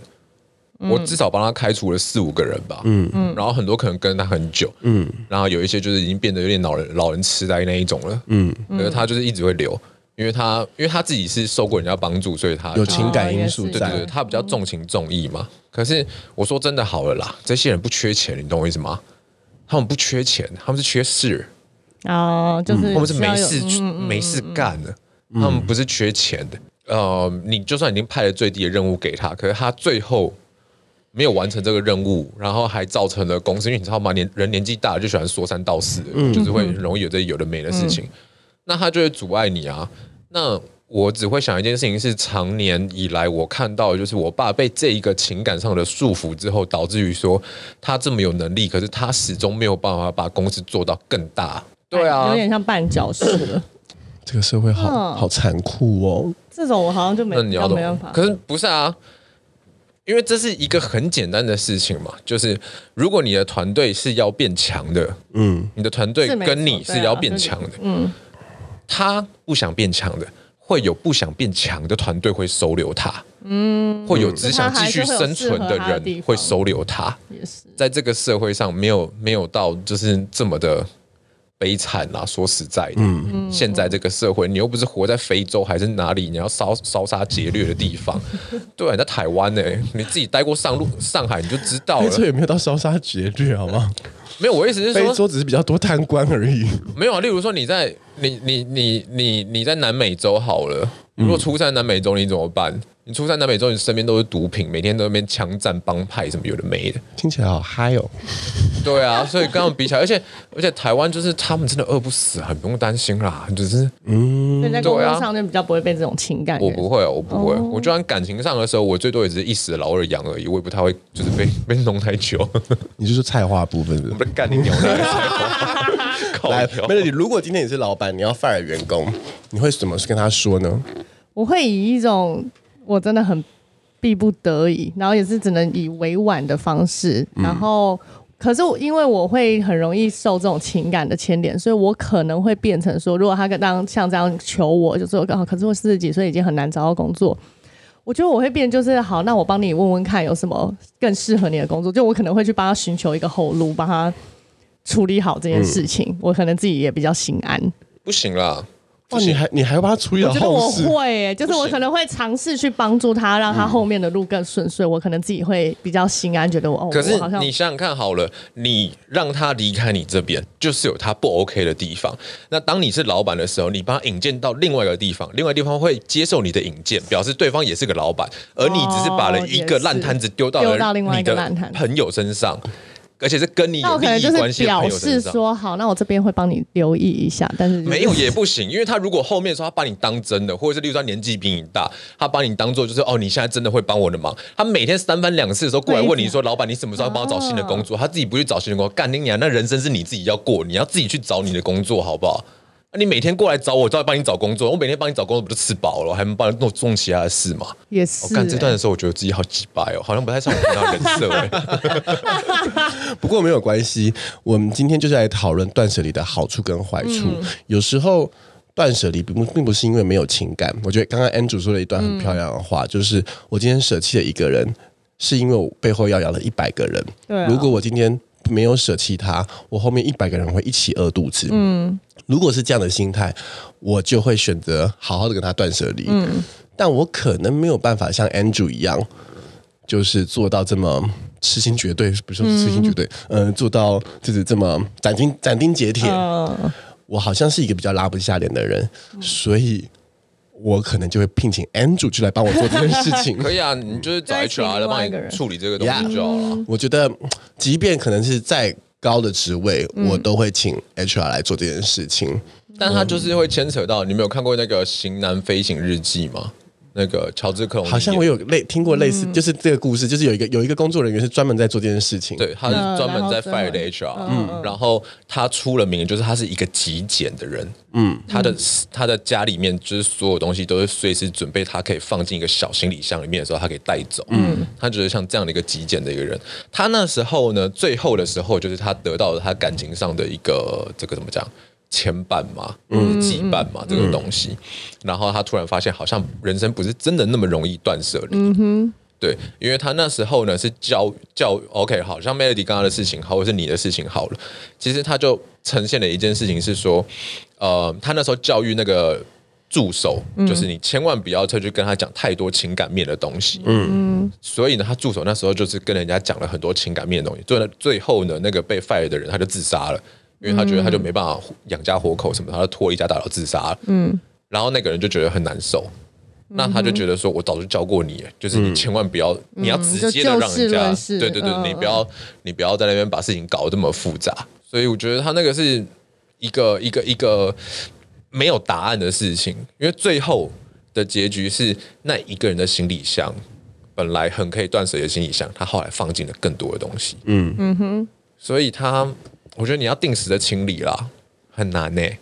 嗯，我至少幫他開除了四五個人吧。嗯嗯。然後很多可能跟他很久。嗯。然後有一些就是已經變得有點老人老人痴呆那一種了。嗯。可是他就是一直會留。因為他，因為他自己是受過人家幫助，所以他有情感因素。對對對，對，他比較重情重義嘛。嗯、可是我說真的，好了啦，這些人不缺錢，你懂我意思嗎？他們不缺錢，他們是缺事哦。就、嗯、是他們是沒事、嗯、沒事幹的、嗯，他們不是缺錢的。呃，你就算已經派了最低的任務給他，可是他最後沒有完成這個任務，然後還造成了公司，因為你知道嗎？年人年紀大了就喜歡說三道四、嗯，就是會容易有這有的沒的事情，嗯、那他就會阻礙你啊。那我只會想一件事情是，是常年以來我看到的，就是我爸被這一個情感上的束縛之後，導致於說他這麼有能力，可是他始終沒有辦法把公司做到更大。哎、對啊，有點像絆腳石、嗯。這個社會好、嗯、好殘酷哦。這種我好像就沒，沒辦法。可是不是啊，因為這是一個很簡單的事情嘛，就是如果你的團隊是要變強的，嗯，你的團隊跟你是要變強的，啊就是、嗯。他不想變強的，會有不想變強的團隊會收留他。嗯，會有只想繼續生存的人會收留他。也是，在這個社會上沒有沒有到就是這麼的悲慘啊！說實在的，現在這個社會，你又不是活在非洲還是哪裡，你要燒燒殺劫掠的地方對、啊，對，你在台灣呢、欸，你自己待過上路上海你就知道了。這也有沒有到燒殺劫掠？好嗎？沒有，我意思是說，非洲只是比較多貪官而已。沒有啊，例如說你在你你你你你在南美洲好了。如果出在南美洲，你怎麼辦？嗯、你出在南美洲，你身邊都是毒品，每天都在那邊槍戰、幫派什麼有的沒的，聽起來好嗨哦、喔！對啊，所以跟我們比起來，而且而且台灣就是他們真的餓不死、啊，很不用擔心啦，只、就是嗯，對啊，上面比較不會被這種情感。我不會，我不會，oh. 我就算感情上的時候，我最多也只是一時老二癢而已，我也不太會就是被被弄太久。 [laughs] 你就是菜花部分的，幹你娘的。 [laughs] 菜 [laughs] 來，如果今天你是老闆，你要 fire 員工，你會怎麼跟他說呢？我會以一種我真的很逼不得已，然後也是只能以委婉的方式。然後、嗯，可是因為我會很容易受這種情感的牽連，所以我可能會變成說，如果他跟當像這樣求我，就說、是、剛好，可是我四十幾歲已經很難找到工作，我覺得我會變成就是好，那我幫你問問看有什麼更適合你的工作，就我可能會去幫他尋求一個後路，幫他。處理好這件事情、嗯，我可能自己也比較心安。不行啦，不行哇你！你還你還要把他處理好我，我會、欸，就是我可能會嘗試去幫助他，讓他後面的路更順遂。我可能自己會比較心安，覺得我哦。可是、哦、你想想看好了，你讓他離開你這邊，就是有他不 OK 的地方。那當你是老闆的時候，你把他引薦到另外一個地方，另外一個地方會接受你的引薦，表示對方也是個老闆，而你只是把了一個爛攤子丟到了另、哦、外你的朋友身上。哦而且是跟你有利益關係，表示說好，那我這邊會幫你留意一下。但是，是沒有也不行，因為他如果後面說他把你當真的，或者是例如說年紀比你大，他把你當做就是哦，你現在真的會幫我的忙。他每天三番兩次的時候過來問你說，老闆你什麼時候幫我找新的工作？啊、他自己不去找新的工作，幹你娘！那人生是你自己要過，你要自己去找你的工作，好不好？那、啊、你每天過來找我，我要幫你找工作。我每天幫你找工作，不就吃飽了，還能幫你做做其他的事嗎？我、欸哦、幹這段的時候，我覺得自己好機掰哦，好像不太像我們人設。 [laughs] 不過沒有關係，我們今天就是來討論斷捨離的好處跟壞處。嗯、有時候斷捨離並不並不是因為沒有情感。我覺得剛剛 Andrew 說了一段很漂亮的話，嗯、就是我今天捨棄了一個人，是因為我背後要養了一百個人。啊、如果我今天。沒有捨棄他，我後面一百個人會一起餓肚子。嗯，如果是這樣的心態，我就會選擇好好的跟他斷捨離。嗯，但我可能沒有辦法像 Andrew 一樣，就是做到這麼痴心絕對，比如說是痴心絕對，嗯，呃，做到就是這麼斬釘斬釘截鐵，哦。我好像是一個比較拉不下臉的人，所以。我可能就會聘請 Andrew 去來幫我做這件事情。 [laughs] 可以啊，你就是找 HR 來幫你處理這個東西就好了。我覺得，即便可能是再高的職位，嗯、我都會請 HR 來做這件事情、嗯。但他就是會牽扯到，嗯、你沒有看過那個《型男飛行日記》嗎？那個喬治·克隆，好像我有類聽過類似，嗯、就是這個故事，就是有一個有一個工作人員是專門在做這件事情，對，他是專門在 fire the HR，嗯，然後他出了名，就是他是一個極簡的人，嗯，他的，嗯、他的家裡面就是所有東西都是隨時準備，他可以放進一個小行李箱裡面的時候，他可以帶走，嗯，他就是像這樣的一個極簡的一個人，他那時候呢，最後的時候，就是他得到了他感情上的一個，嗯、這個怎麼講？牽絆嘛，羈、嗯、絆嘛，嗯、這個東西、嗯。然後他突然發現，好像人生不是真的那麼容易斷捨離。對，因為他那時候呢是教育教育，OK，好像 Melody 剛剛的事情好，或者是你的事情好了。其實他就呈現了一件事情是說，呃，他那時候教育那個助手，嗯、就是你千萬不要再去跟他講太多情感面的東西。嗯，所以呢，他助手那時候就是跟人家講了、嗯、了很多情感面的東西，最後呢，那個被 fire 的人他就自殺了。因為他覺得他就沒辦法養家活口什麼，他就拖一家打到自殺。嗯，然後那個人就覺得很難受，嗯、那他就覺得說：“我早就教過你、嗯，就是你千萬不要、嗯，你要直接的讓人家，就就對對對、哦，你不要，你不要在那邊把事情搞得這麼複雜。”所以我覺得他那個是一個一個一個沒有答案的事情，因為最後的結局是那一個人的行李箱，本來很可以斷舍的行李箱，他後來放進了更多的東西。嗯，嗯哼，所以他。我覺得你要定時的清理啦，很難呢？欸，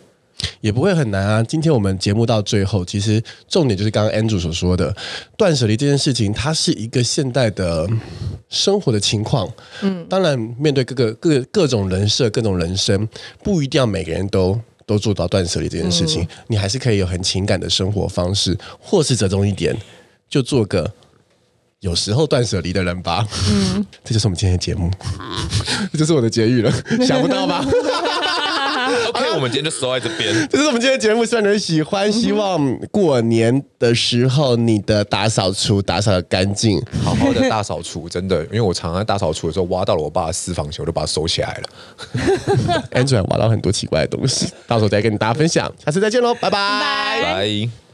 也不會很難啊。今天我們節目到最後，其實重點就是剛剛 Andrew 所說的斷捨離這件事情，它是一個現代的生活的情況。嗯，當然面對各個各各種人設、各種人生，不一定要每個人都都做到斷捨離這件事情、嗯，你還是可以有很情感的生活方式，或是折中一點，就做個。有時候斷捨離的人吧，嗯，這就是我們今天的節目，嗯、這就是我的節目了，想不到吧 [laughs] [laughs] ？OK， [laughs] 我們今天就收在這邊。這是我們今天的節目，雖然很喜歡，希望過年的時候你的大掃除打掃得乾淨，好好的大掃除，真的，因為我常常在大掃除的時候挖到了我爸的私房錢，我就把它收起來了。 [laughs] Andrew 挖到很多奇怪的東西，到時候再跟你大家分享。下次再見嘍，拜拜，拜。Bye